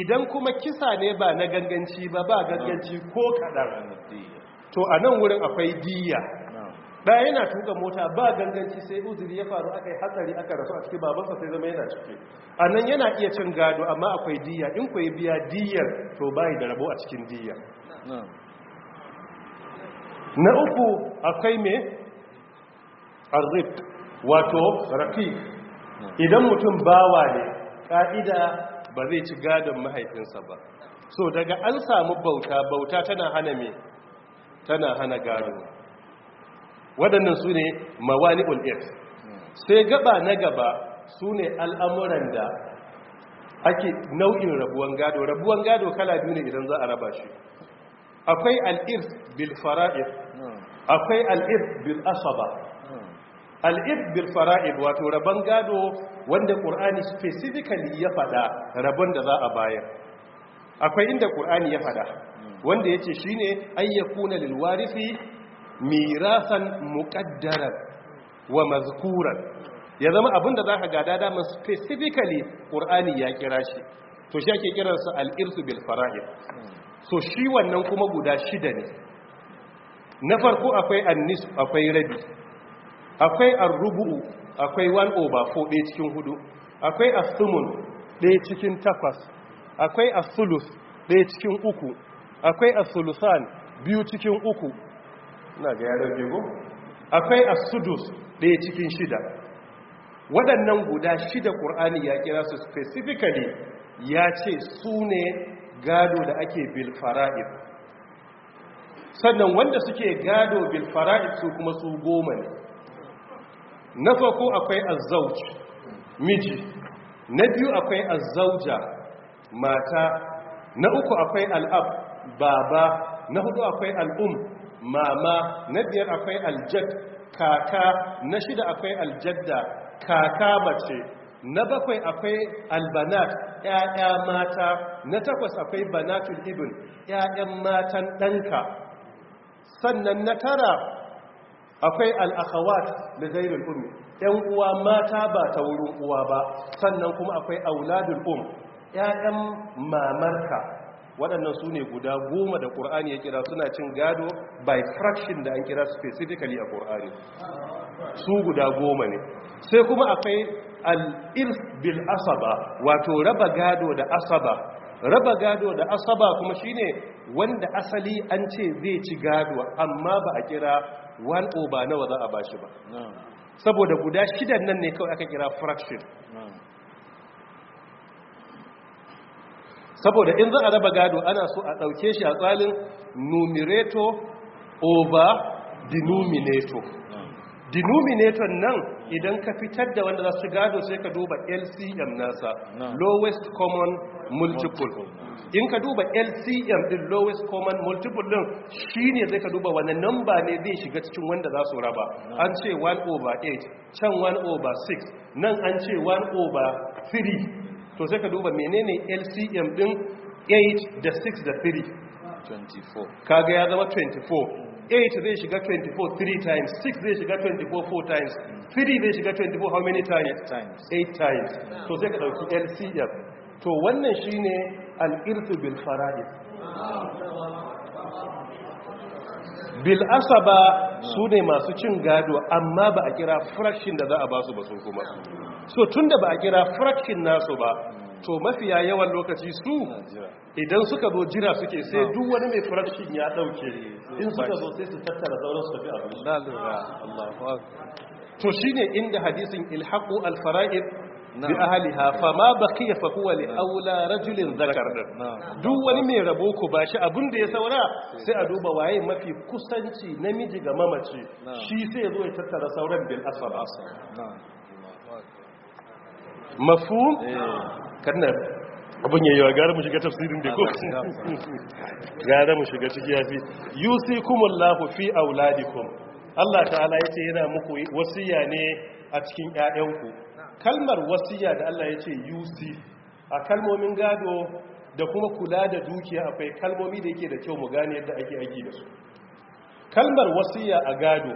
idan kuma kisa ne ba na ganganci ba ba ganganci ko kaɗan to a nan wurin akwai diya ɗaya yana tuka mota ba ganganci sai uzuri ya faru aka yi hatsari aka rasu a ciki babansa sai zama yana ciki a nan yana iya cin gado amma akwai diya in ku biya diyar to bayi da rabo a cikin diya na uku akwai me arzik wato rafi idan mutum bawa ne ka'ida ba zai ci gadon mahaifinsa ba so daga an samu bauta bauta tana hana me tana hana gado waɗannan su ne mawani ul'ir sai gaba na gaba su ne al'amuran da ake nau'in rabuwan gado rabuwan gado kala biyu ne idan za a raba shi akwai al'ir bilfara'ir akwai al'if asaba al'if bil fara'id wato rabon gado wanda ƙur'ani specifically ya fada rabon da za a bayar akwai inda ƙur'ani ya fada wanda ya ce shi ne ayyakuna lilwarifi mirasan muƙaddarar wa mazkuran ya zama abin da za ka gada damar specifically ƙur'ani ya kira shi to shi ake kiransa al'irsu bil fara'id so shi wannan kuma guda shida ne na farko akwai annis akwai rabi akwai arubu'u akwai 1 over 4 ɗaya cikin hudu akwai asumun ɗaya cikin takwas akwai asulus ɗaya cikin uku akwai asulusan biyu cikin uku na ga yaran bego akwai asudus ɗaya cikin shida waɗannan guda shida ƙur'ani ya kira su specifically ya ce su ne gado da ake bilfara'ir sannan wanda suke gado bil fara'id su kuma su goma ne na farko akwai azzauj miji na biyu akwai azzauja mata na uku akwai al'ab baba na hudu akwai al'um mama na biyar akwai aljad kaka na shida akwai aljadda kaka mace na bakwai akwai albanat ‘ya'ya mata na takwas akwai banatul ibn ‘ya'yan matan ɗanka sannan na tara akwai al'akawat da zairin umu ‘yan uwa mata ba ta wurin uwa ba sannan kuma akwai auladul um ‘ya'yan mamarka waɗannan su ne guda goma da ƙur'ani ya kira suna cin gado by fraction da an kira specifically a ƙur'ani su guda goma ne sai kuma akwai al'irs bil asaba wato raba gado da asaba raba gado da asaba kuma shine wanda asali an ce zai ci gado amma ba a kira one over nawa za a bashi ba saboda guda shidan nan ne kawai aka kira fraction saboda in za a raba gado ana so a ɗauke shi a tsalin numerator over denominator denominator nan idan ka fitar da wanda za su gado sai ka duba lcm nasa lowest common multiple in ka duba lcm din lowest common multiple din shine zai ka duba wani namba ne zai shiga cikin wanda za su raba an ce 1 over 8 can 1 over 6 nan an ce 1 over 3 to sai ka duba menene lcm din 8 da 6 da 3 24 kaga ya zama 24 8 zai shiga 24 3 times 6 zai shiga 24 4 times 3 zai shiga 24 how many times? 8 times to zai ka dauki lcf to wannan shine al-irthu bil fara'id bil asaba su ne masu cin gado amma ba a kira fraction da za a basu ba sun kuma so tunda ba a kira fraction nasu ba to mafiya yawan lokaci su idan suka zo jira suke sai duk wani mai production ya dauke eh, in suka zo sai su tattara sauran su tafi abin to shine inda hadisin ilhaqu alfara'id bi ahliha ma baqiya fa huwa li aula rajulin zakar duk wani mai rabo ku ba shi abin da ya saura sai a duba waye mafi kusanci namiji ga mamaci shi sai ya zo ya tattara sauran bil asfar mafhum eh. kanna abin yayi gara mu shiga tafsirin da ko <laughs> gara mu shiga ciki yafi yusikumullahu fi auladikum Allah ta'ala yace yana muku wasiya ne a cikin ƴaƴanku kalmar wasiya da Allah yace yusi a kalmomin gado da kuma kula da dukiya akwai kalmomi da yake da kyau mu gane yadda ake aiki da su kalmar wasiya a gado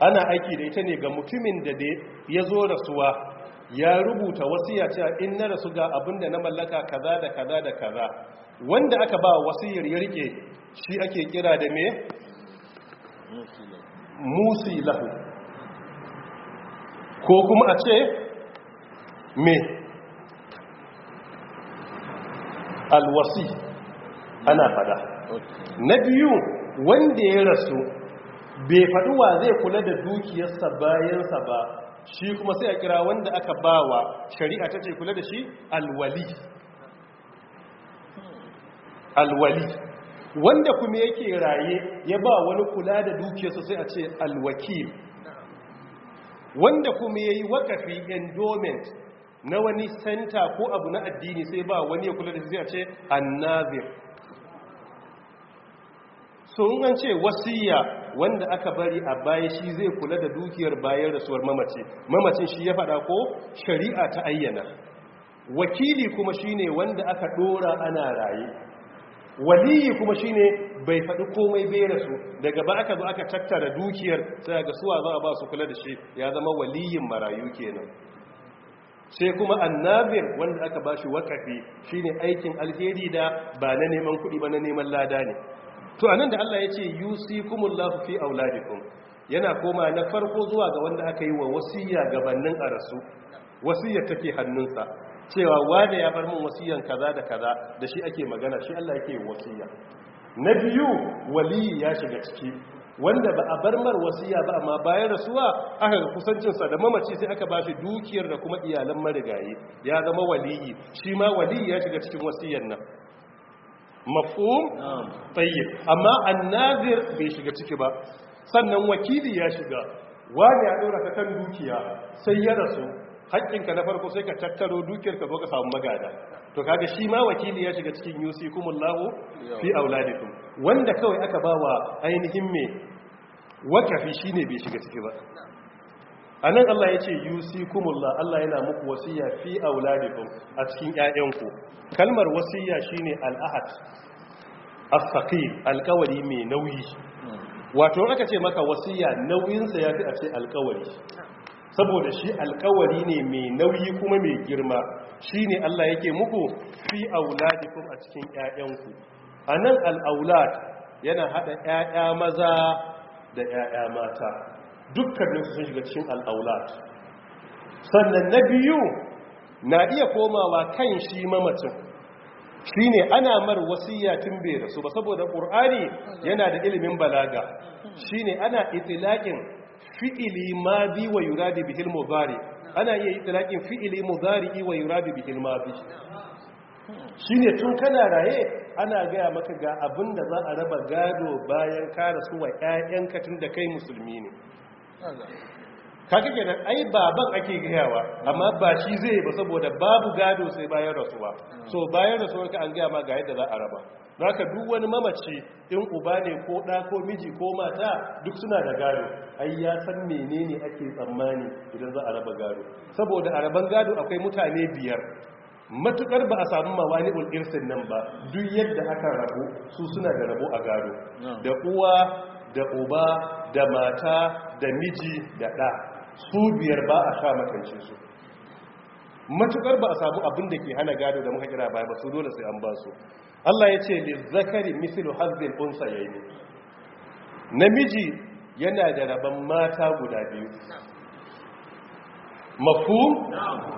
ana aiki da ita ne ga mutumin da ya zo rasuwa ya rubuta wasiya cewa in na rasu ga abinda na mallaka kaza da kaza da kaza wanda aka ba wasiyar ya rike shi ake kira da me musi lahu ko kuma a ce me alwasi ana fada na biyu wanda ya rasu bai faɗi wa zai kula da dukiyarsa bayansa ba shi kuma sai a kira wanda aka ba wa shari'a ta ce kula da shi alwali alwali wanda kuma yake raye ya ba wani kula da dukiyarsa sai a ce alwakil wanda kuma yayi wakafi endowment na wani senta ko abu na addini sai ba wani ya kula da shi sai a ce annazir sun an ce wasiya wanda aka bari a baya shi zai kula da dukiyar bayan rasuwar mamaci mamacin shi ya faɗa ko shari'a ta ayyana wakili kuma shine wanda aka ɗora ana raye waliyi kuma shine bai faɗi komai bai rasu daga ba aka zo aka tattara dukiyar sai ga suwa za a ba su kula da shi ya zama waliyin marayu kenan sai kuma annabin wanda aka ba shi wakafi shine aikin alheri da ba na neman kuɗi ba na neman lada ne to anan da Allah ya ce yusikumullahu fi auladikum yana koma na farko zuwa ga wanda aka yi wa wasiya gabanin a rasu wasiyar take hannunsa cewa wanda ya bar mun wasiyan kaza da kaza da shi ake magana shi Allah yake wasiya na biyu waliyi ya shiga ciki wanda ba a bar mar wasiya ba amma bayan rasuwa aka ga kusancinsa da mamaci sai aka bashi dukiyar da kuma iyalan marigayi ya zama wali shi ma wali ya shiga cikin wasiyar nan mafum tayyib amma annazir bai shiga ciki ba sannan wakili ya shiga wani ya dora ka kan dukiya sai ya rasu haƙƙinka na farko sai ka tattaro dukiyar ka ka samu magada to kaga shi ma wakili ya shiga cikin yusikumullahu fi auladikum wanda kawai aka bawa ainihin me wakafi shine bai shiga ciki ba a nan Allah ya ce yusikumullah Allah yana muku wasiya fi auladikum a cikin 'ya'yanku. kalmar wasiya shine al'ahad as-saqil alƙawari mai nauyi wato aka ce maka wasiya nauyinsa ya fi a ce alƙawari saboda shi alƙawari ne mai nauyi kuma mai girma Shi ne Allah yake muku fi auladikum a cikin 'ya'yanku. a nan al'aulat yana haɗa 'ya'ya maza da 'ya'ya mata dukkaninsu sun shiga cikin al'aulat sannan na biyu na iya komawa kan shi mamacin shi ne ana mar tun bai rasu ba saboda ƙur'ani yana da ilimin balaga shi ne ana itilakin fi'ili ma bi wa yura da bihil mubari ana iya itilakin fi'ili mubari yura da bihil bi. shi ne tun kana raye ana gaya maka ga abin da za a raba gado bayan ka rasu wa 'ya'yanka tun da kai musulmi ne ke nan ai baban ake gayawa amma ba shi zai ba saboda babu gado sai bayan rasuwa hmm. so bayan rasuwar ka an gaya ma ga yadda za a raba Za ka duk wani mamaci in uba ne ko ɗa ko miji ko mata duk suna da gado ai ya san menene ake tsammani idan za a raba gado saboda a raban gado akwai mutane biyar matukar ba a samu mawani ulirsin nan ba duk yadda aka rabu su suna da rabo a gado hmm. da uwa da uba da mata da miji da ɗa su biyar ba a sha makance su matukar ba a samu abin da ke hana gado da muka kira baya ba su dole sai an ba su Allah ya ce ne zakari misilu hazbin unsa yayi namiji yana da rabon mata guda biyu mafu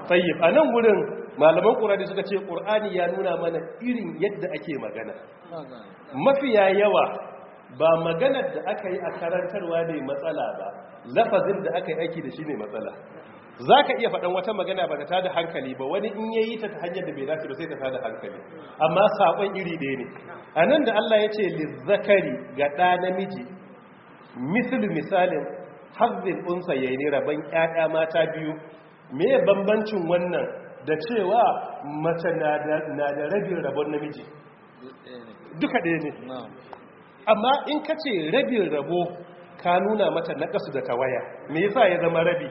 tsayi a nan wurin malaman ƙurani suka ce ƙur'ani ya nuna mana irin yadda ake magana mafiya yawa ba maganar da aka yi a karantarwa ne matsala ba lafazin da aka yi aiki da shi ne matsala za ka iya faɗan wata magana ba ta da hankali ba wani in ya yi ta ta hanyar da bai dace ba sai ta tada hankali amma saƙon iri ɗaya ne a nan da Allah ya ce lizzakari ga ɗa namiji misali misalin hazzin unsa ya ne rabon ƴaƴa mata biyu me bambancin wannan da cewa mace na da rabin rabon namiji duka ɗaya ne amma in ka ce rabin rabo ka nuna mata nakasu da tawaya me yasa ya zama rabi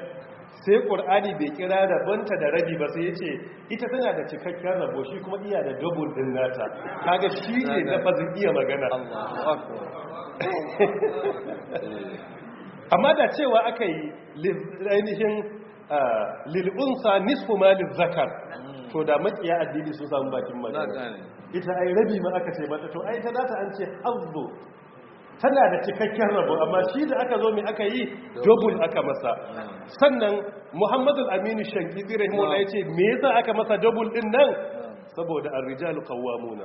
sai ƙur'ani bai kira rabonta da rabi ba sai ya ce ita tana da cikakken rabo shi kuma iya da double din nata kaga shi ne fazin iya magana <laughs> amma da cewa aka yi ainihin Ah, lil'unsa nisfu malin zakar hmm. to da makiya addini sun samu bakin magana ita ai rabi ma aka ce mata to ai ta data an ce hazzo tana da cikakken rabu amma shi da aka zo mai aka yi dubul aka masa hmm. sannan muhammadu aminu shankiti rahimola ya ce me yasa aka masa dubul din nan saboda arrijalu qawwamuna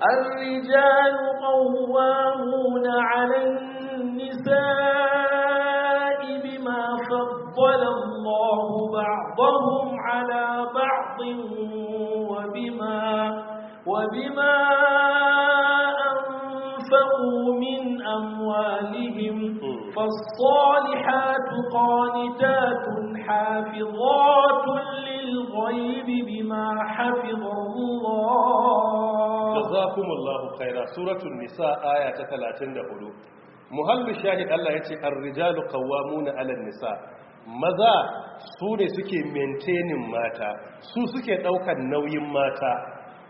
arrijalu qawwamuna 'alan nisaa'i bima faddala Allahu ba'dahum 'ala ba'din wa bima wa bima أنفقوا من أموالهم فالصالحات قانتات حافظات للغيب بما حفظ الله جزاكم الله خيرا سورة النساء آية 34 muhallu shahid Allah ya ce arrijalu na 'alan nisa maza su ne suke maintaining mata su suke daukan nauyin mata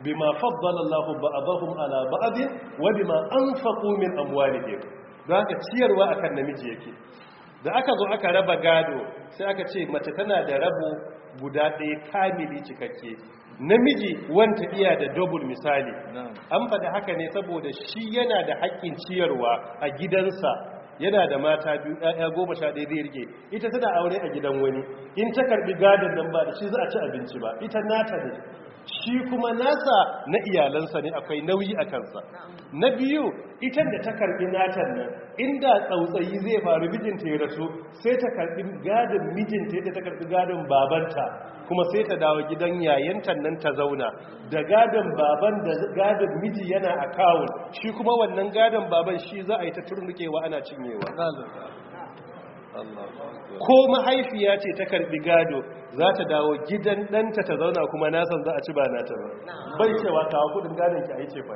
بما فضل الله بعضهم ala بعض وبما انفقوا من اموالهم ذاك don akan namiji yake da aka zo aka raba gado sai aka ce mace tana da rabo guda ɗaya kamili cikakke namiji wanta iya da double misali an faɗi haka ne saboda shi yana da haƙƙin ciyarwa a gidansa yana da mata biyu ɗaya goma sha ɗaya zai rike ita tana aure a gidan wani in ta karɓi gadon nan ba da shi za a ci abinci ba ita nata ne shi kuma nasa na iyalansa ne akwai nauyi a kansa na biyu ita da ta karbi natan nan inda tsautsayi zai faru mijinta ya rasu sai ta karbi gadin mijinta yadda ta karbi gadon babanta kuma sai ta dawo gidan yayanta nan ta zauna da gadon baban da gadon miji yana a kawun shi kuma wannan gadon baban shi za a yi ta turnukewa ana cinyewa ko mahaifiya ce ta karbi gado za ta dawo gidan ɗanta ta zauna kuma nasan za a ci ba nata ba bai cewa kawo kudin gadon ki a yi cefa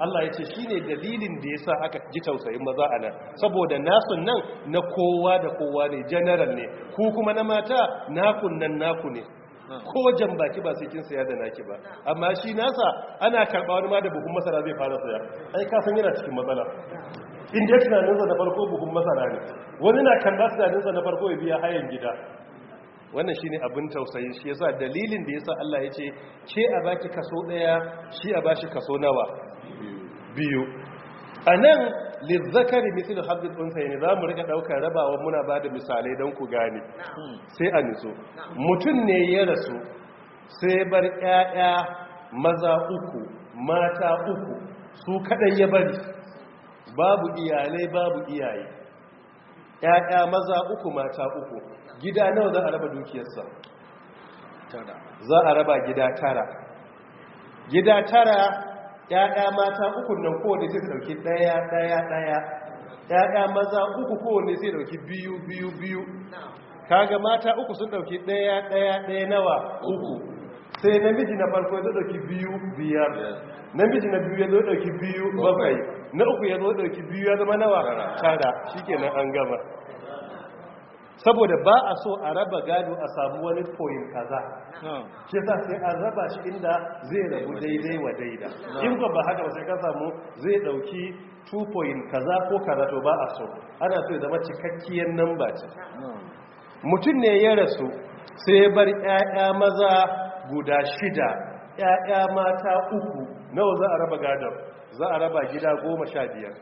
Allah ya ce shi ne dalilin da ya sa aka ji tausayin maza a nan saboda nasun nan na kowa da kowa ne general ne ku kuma na mata nakun nan naku ne ko jan baki ba sai kin saya da naki ba amma shi nasa ana karɓa wani ma da buhun masara zai fara saya ai ka san yana cikin matsala inda ya tunaninsa na farko buhun masana ne wani na kalla tunaninsa na farko ya biya hayan gida wannan shi ne abin tausayi shi ya sa dalilin da ya sa Allah ya ce ke a baki kaso ɗaya shi a bashi kaso nawa biyu a nan lizzakari misil habdul unsayi ne za mu rika ɗaukar rabawa muna ba da misalai don ku gane sai a nitso mutum ne ya rasu sai bar ƴaƴa maza uku mata uku su kaɗai ya bari babu iyalai babu iyaye ‘ya'ya maza uku mata uku gida nawa za a raba dukiyarsa za a raba gida tara gida tara ‘ya'ya mata uku nan kowane zai ɗauki ɗaya ɗaya ɗaya ‘ya'ya maza uku kowane zai ɗauki biyu biyu biyu kaga mata uku sun ɗauki ɗaya ɗaya ɗaya nawa uku sai namiji na farko ya zo ɗauki biyu biyar namiji na biyu ya zo ɗauki biyu bakwai na uku ya zo dauki biyu ya zama nawa tara shikenan an gaba. saboda ba a so a raba gado a samu wani koyin kaza hmm. shi sa sai an raba shi inda zai rabu daidai wa daida hmm. in ba ba haka sai ka samu zai dauki 2 point kaza ko kaza to ba a so ana so ya zama cikakkiyar namba ce hmm. mutum ne ya rasu sai bar 'ya'ya maza guda shida 'ya'ya mata uku nawa za a raba gadon za a raba gida goma sha biyar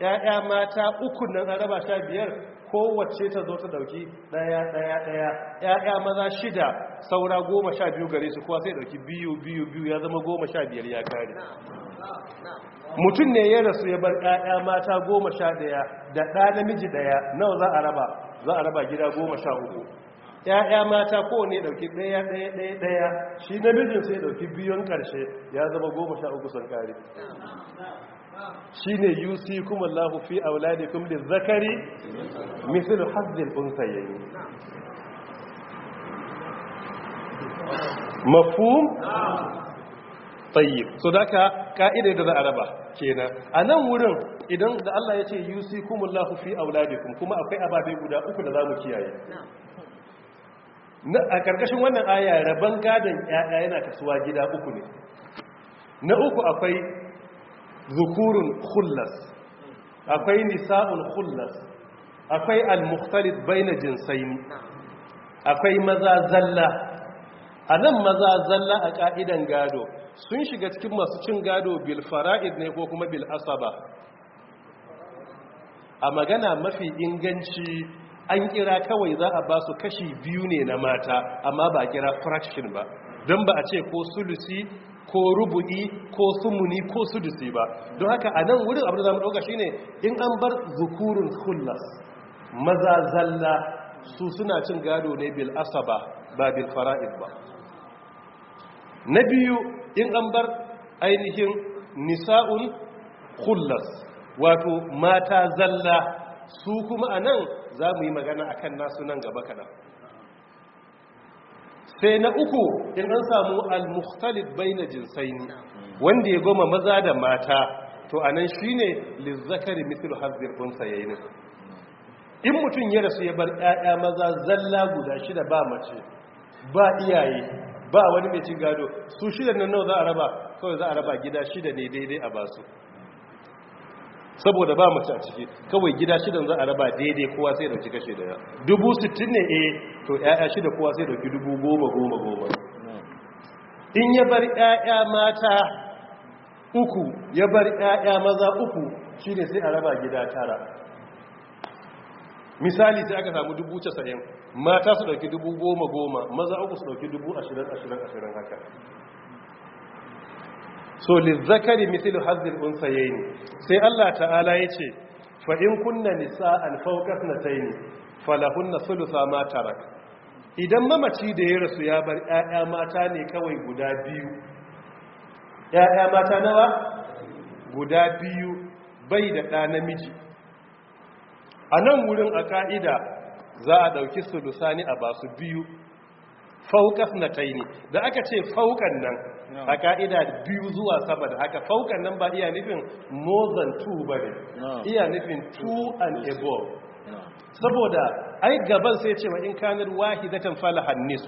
‘ya'ya mata uku nan a raba sha biyar kowace ta zo ta dauki ɗaya ɗaya ɗaya ‘ya'ya maza shida saura goma sha biyu gare su kuwa sai dauki biyu biyu biyu ya zama goma sha biyar ya kare mutum ne ya rasu ya bar ‘ya'ya mata goma sha ɗaya da ɗa namiji ɗaya nawa za za a raba gida goma sha uku 'ya'ya mata kowane ya ɗauki ɗaya ɗaya ɗaya ɗaya shi namijin sai ya ɗauki biyun ƙarshe ya zama goma sha uku sun ƙari shi ne UC kuma lahu fi kuma da zakari mislu hazzil sayayi mafhum tsayi so daka ka'ida da za a raba kenan a nan wurin idan da Allah ya ce yusi kuma lahu fi auladikum kuma akwai ababe guda uku da za mu kiyaye a ƙarƙashin wannan aya rabon gadon ‘ya'ya yana kasuwa gida uku ne na uku akwai zukurun hullas akwai nisa'un hullas akwai al na baina jinsaini akwai maza zalla a nan maza zalla a ƙa'idan gado sun shiga cikin masu cin gado bil fara'id ne ko kuma bil asaba a magana mafi inganci an kira kawai za a ba su kashi biyu ne na mata amma ba a kira fraction ba don ba a ce ko sulusi ko rubu'i ko sumuni ko sulusi ba don haka a nan wurin abin da mu ɗauka shine in an bar zukurun kullas maza zalla su suna cin gado ne bil asaba ba bil fara'id ba na biyu in an bar ainihin nisa'un hullas wato mata zalla su kuma a nan za mu yi magana a kan nasu nan gaba kana sai na uku in an samu al-mukhtalif baina jinsaini wanda ya goma maza da mata to anan shine lizzakari mithlu hazzir unsayaini in mutum ya rasu ya bar ƴaƴa maza zalla guda shida ba mace ba iyaye ba wani mai cin gado su shida nan nawa za a raba kawai za a raba gida shida ne daidai a basu saboda ba mace a ciki kawai gida shidan za a raba daidai kowa sai dauki kashe daya dubu sittin ne eh to ya'ya shida kowa sai dauki dubu goma goma goma in ya bar ya'ya mata uku ya bar ya'ya maza uku shi ne sai a raba gida tara misali sai aka samu dubu casa'in mata su dauki dubu goma goma maza uku su dauki dubu ashirin ashirin ashirin haka so Zakari mithlu hazzil unsayayn sai Allah ta'ala yace fa in kunna nisa'an fawqa thnatayn falahunna thulutha ma tarak idan mamaci da ya rasu ya bar ƴaƴa mata ne kawai guda biyu ƴaƴa mata nawa guda biyu bai da ɗa namiji a nan wurin a ka'ida za a ɗauki sulusani a basu biyu faukas na da aka ce faukan nan a ka'ida biyu zuwa sama haka faukan nan ba iya nufin more than two ba ne iya nufin two and above saboda ai gaban sai ce wa in kanar zaton fala Hannis,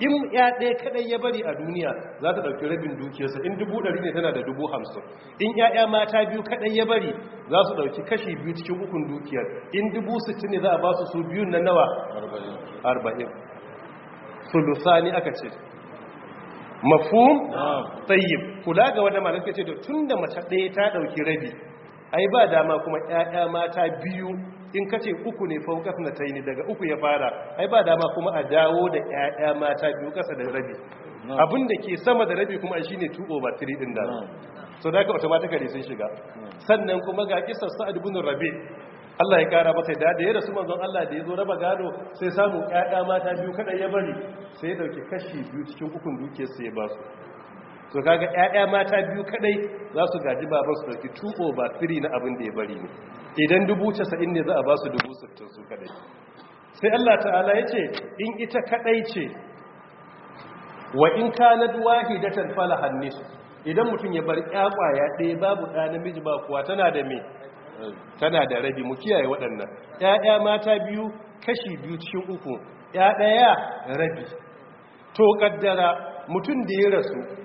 in ya ɗaya kadai ya bari a duniya za ta ɗauki rabin dukiyarsa in dubu ɗari ne tana da dubu hamsin in ya'ya mata biyu kadai ya bari za su ɗauki kashi biyu cikin ukun dukiyar in dubu sittin ne za a ba su su biyun na nawa arba'in ne aka ce mafhum tsayyib kula ga wanda malamai ke ce tun tunda mace ɗaya ta ɗauki rabi ai ba dama kuma ƴaƴa mata biyu in kace uku ne fa na taini daga uku ya fara ai ba dama kuma a dawo da ƴaƴa mata biyu kasa da rabi abin da ke sama da rabi kuma shine 2 over 3 din da so da ka automatically sun shiga sannan kuma ga kisar sa'ad ibn rabi Allah ya kara masa da da ya rasu manzon Allah da ya zo raba gado sai samu ƴaƴa mata biyu kada ya bari sai ya dauke kashi biyu cikin ukun duke sai ya ba su to kaga ƴaƴa mata biyu kadai za su gaji baban su dauki 2 over 3 na abin da ya bari ne idan 90 ne za a ba su 60 su kadai sai Allah ta'ala ya ce in ita kadai ce wa in kanat wahidatan falahan nisu idan mutum ya bar ƴaƙwaya ɗaya babu ɗa namiji ba kuwa tana da me tana da rabi mu kiyaye waɗannan ƴaƴa mata biyu kashi biyu cikin uku ya ɗaya rabi to kaddara mutum da ya rasu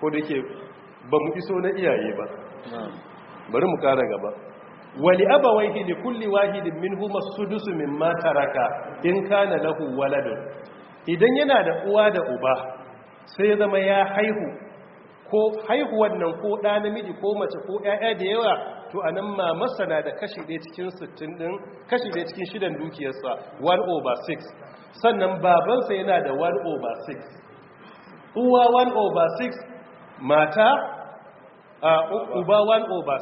ko da ke ba mu iso na iyaye ba bari mu kara gaba wali abawai hili kulli wahidin min huma sudusu min mata raka in kana lahu waladun idan yana da uwa da uba sai zama ya haihu ko haihuwan nan ko ɗa namiji ko mace ko ‘ya'ya da yawa to a nan ma masana da kashi ɗaya cikin sittin ɗin kashi ɗaya cikin shidan dukiyarsa 1 over 6 sannan babansa yana da 1 over 6 uwa 1 over 6 mata uba 1 over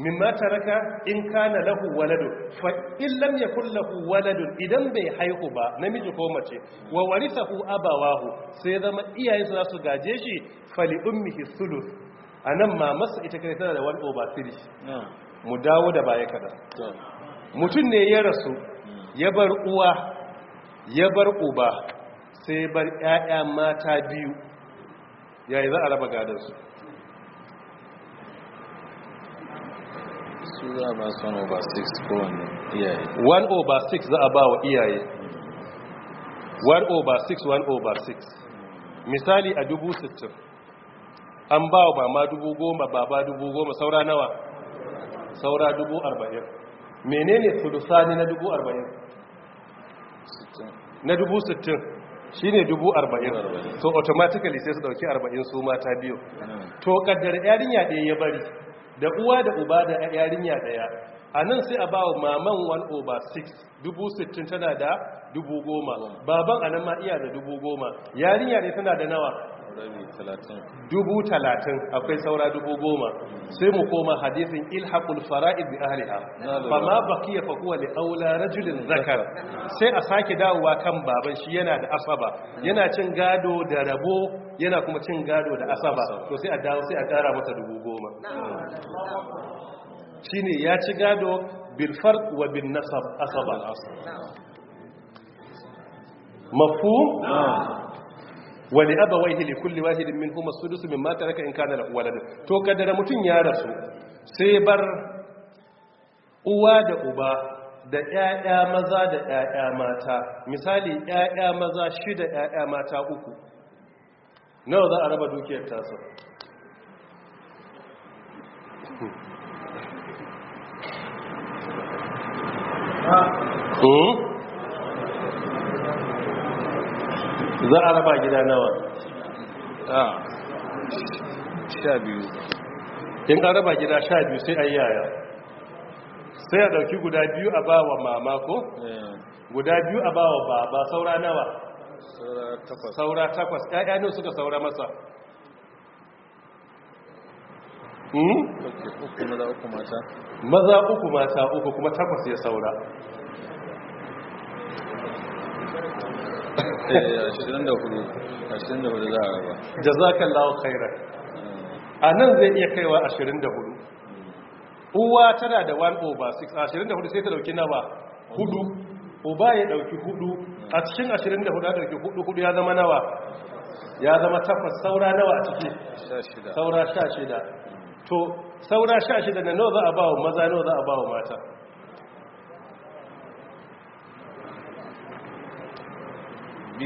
mimma taraka in kana lahu waladu fa in lam yakul lahu Waladu idan bai haihu ba namiji ko mace wa warithahu abawahu sai zama iyayen su zasu gaje shi fali ummihi sulus anan mamasu ita kai tana da 1 over mu dawo da baya kada mutum ne ya rasu ya bar uwa ya bar uba sai bar 'ya'ya mata biyu yayi za a raba su. su ba za a ba wa iyaye 1 6 1 6 misali a dubu sittin, an ba wa mama dubu goma, baba dubu saura nawa saura dubu arba'in. menene sulusani na dubu arba'in? na dubu sittin. shi ne dubu arba'in to automatically sai su dauki arba'in su mata biyu to kaddar yarinya ɗaya ya bari da uwa da uba da yarinya daya a nan sai a ba wa maman 1 over 6 dubu 60 tana da dubu goma baban a nan ma iya da dubu goma yarinya ne tana da nawa dubu talatin akwai saura dubu goma sai mu koma hadisin ilhaƙul fara'id bi ahliha Ba ma baki ya huwa da aula rajulin zakar sai a sake dawowa kan baban shi yana da asaba yana cin gado da rabo yana kuma cin gado da asaba to sai a dawo sai a ƙara masa dubu goma Shi ne ya ci gado bil farq wa bin nasab asaba mafu wani li wai hili, kulli wahidin minhum as-sudus ma taraka in kana lahu walad to kadara mutun ya rasu sai bar uwa da uba da 'ya'ya maza da 'ya'ya mata misali ƴaƴa maza shida 'ya'ya mata uku nawa za a raba dukiyar tasa Hmm? za a raba gida nawa a ah, sha biyu in an raba gida sha biyu sai an yaya sai a ɗauki guda biyu a ba wa mama ko eh. guda biyu a ba wa baba saura nawa saura takwas ya ne suka saura masa hmm? maza uku mata uku kuma takwas ya saura 24 za a raba jazakallahu a nan zai iya kaiwa 24 uwa tana da 1 over 6 24 sai ta dauki nawa 4 uba ya dauki 4 a cikin 24 da dauki 4 hudu ya zama nawa ya zama tafas saura nawa a ciki saura 16 to saura 16 na nawa za a ba wa maza nawa za a ba wa mata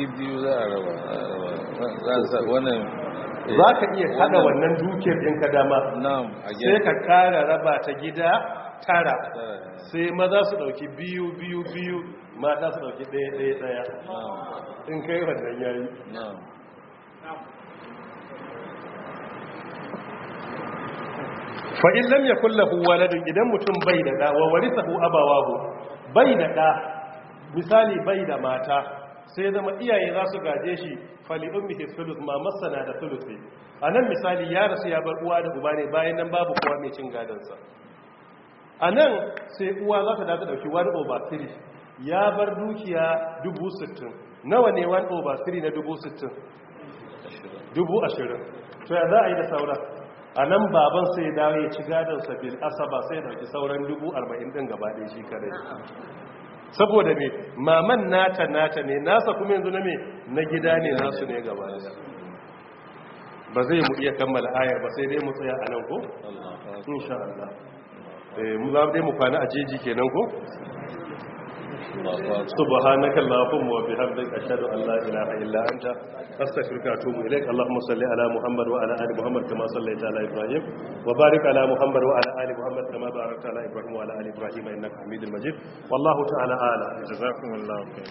biyu za a raba wannan eh, za ka iya kada wannan dukiyar din ka dama sai ka kara raba ta gida tara sai maza su dauki biyu biyu biyu mata su dauki daya daya daya in kai wannan yayi fa in lam yakul lahu waladun idan mutum bai da da wa warithahu abawahu bai da da misali bai da mata sai zama iyaye za su gaje shi fali ummihi thuluth ma masana da thuluth a nan misali ya rasu ya bar uwa da uba ne bayan nan babu kowa mai cin gadansa a nan sai uwa za ta dace dauki 1 over 3 ya bar dukiya 60,000 nawa ne 1 over 3 na 60,000 20,000 to ya za a yi da saura a nan baban sai dawo ya ci gadansa bil asaba sai dauki sauran 40,000 din gaba ɗaya shi kare saboda me maman nata nata ne nasa kuma yanzu na me na gida ne nasu ne gaba da ba zai mu iya kammala ayar ba sai dai mu tsaya a nan ko insha Allah eh, mu za dai mu kwana a jeji kenan ko subhanaka allahumma wa bihamdika ashhadu an la ilaha illa anta astaghfiruka wa atubu ilaik allahumma salli ali muhammad kama ali muhammad kama barakta ala ibrahim wallahu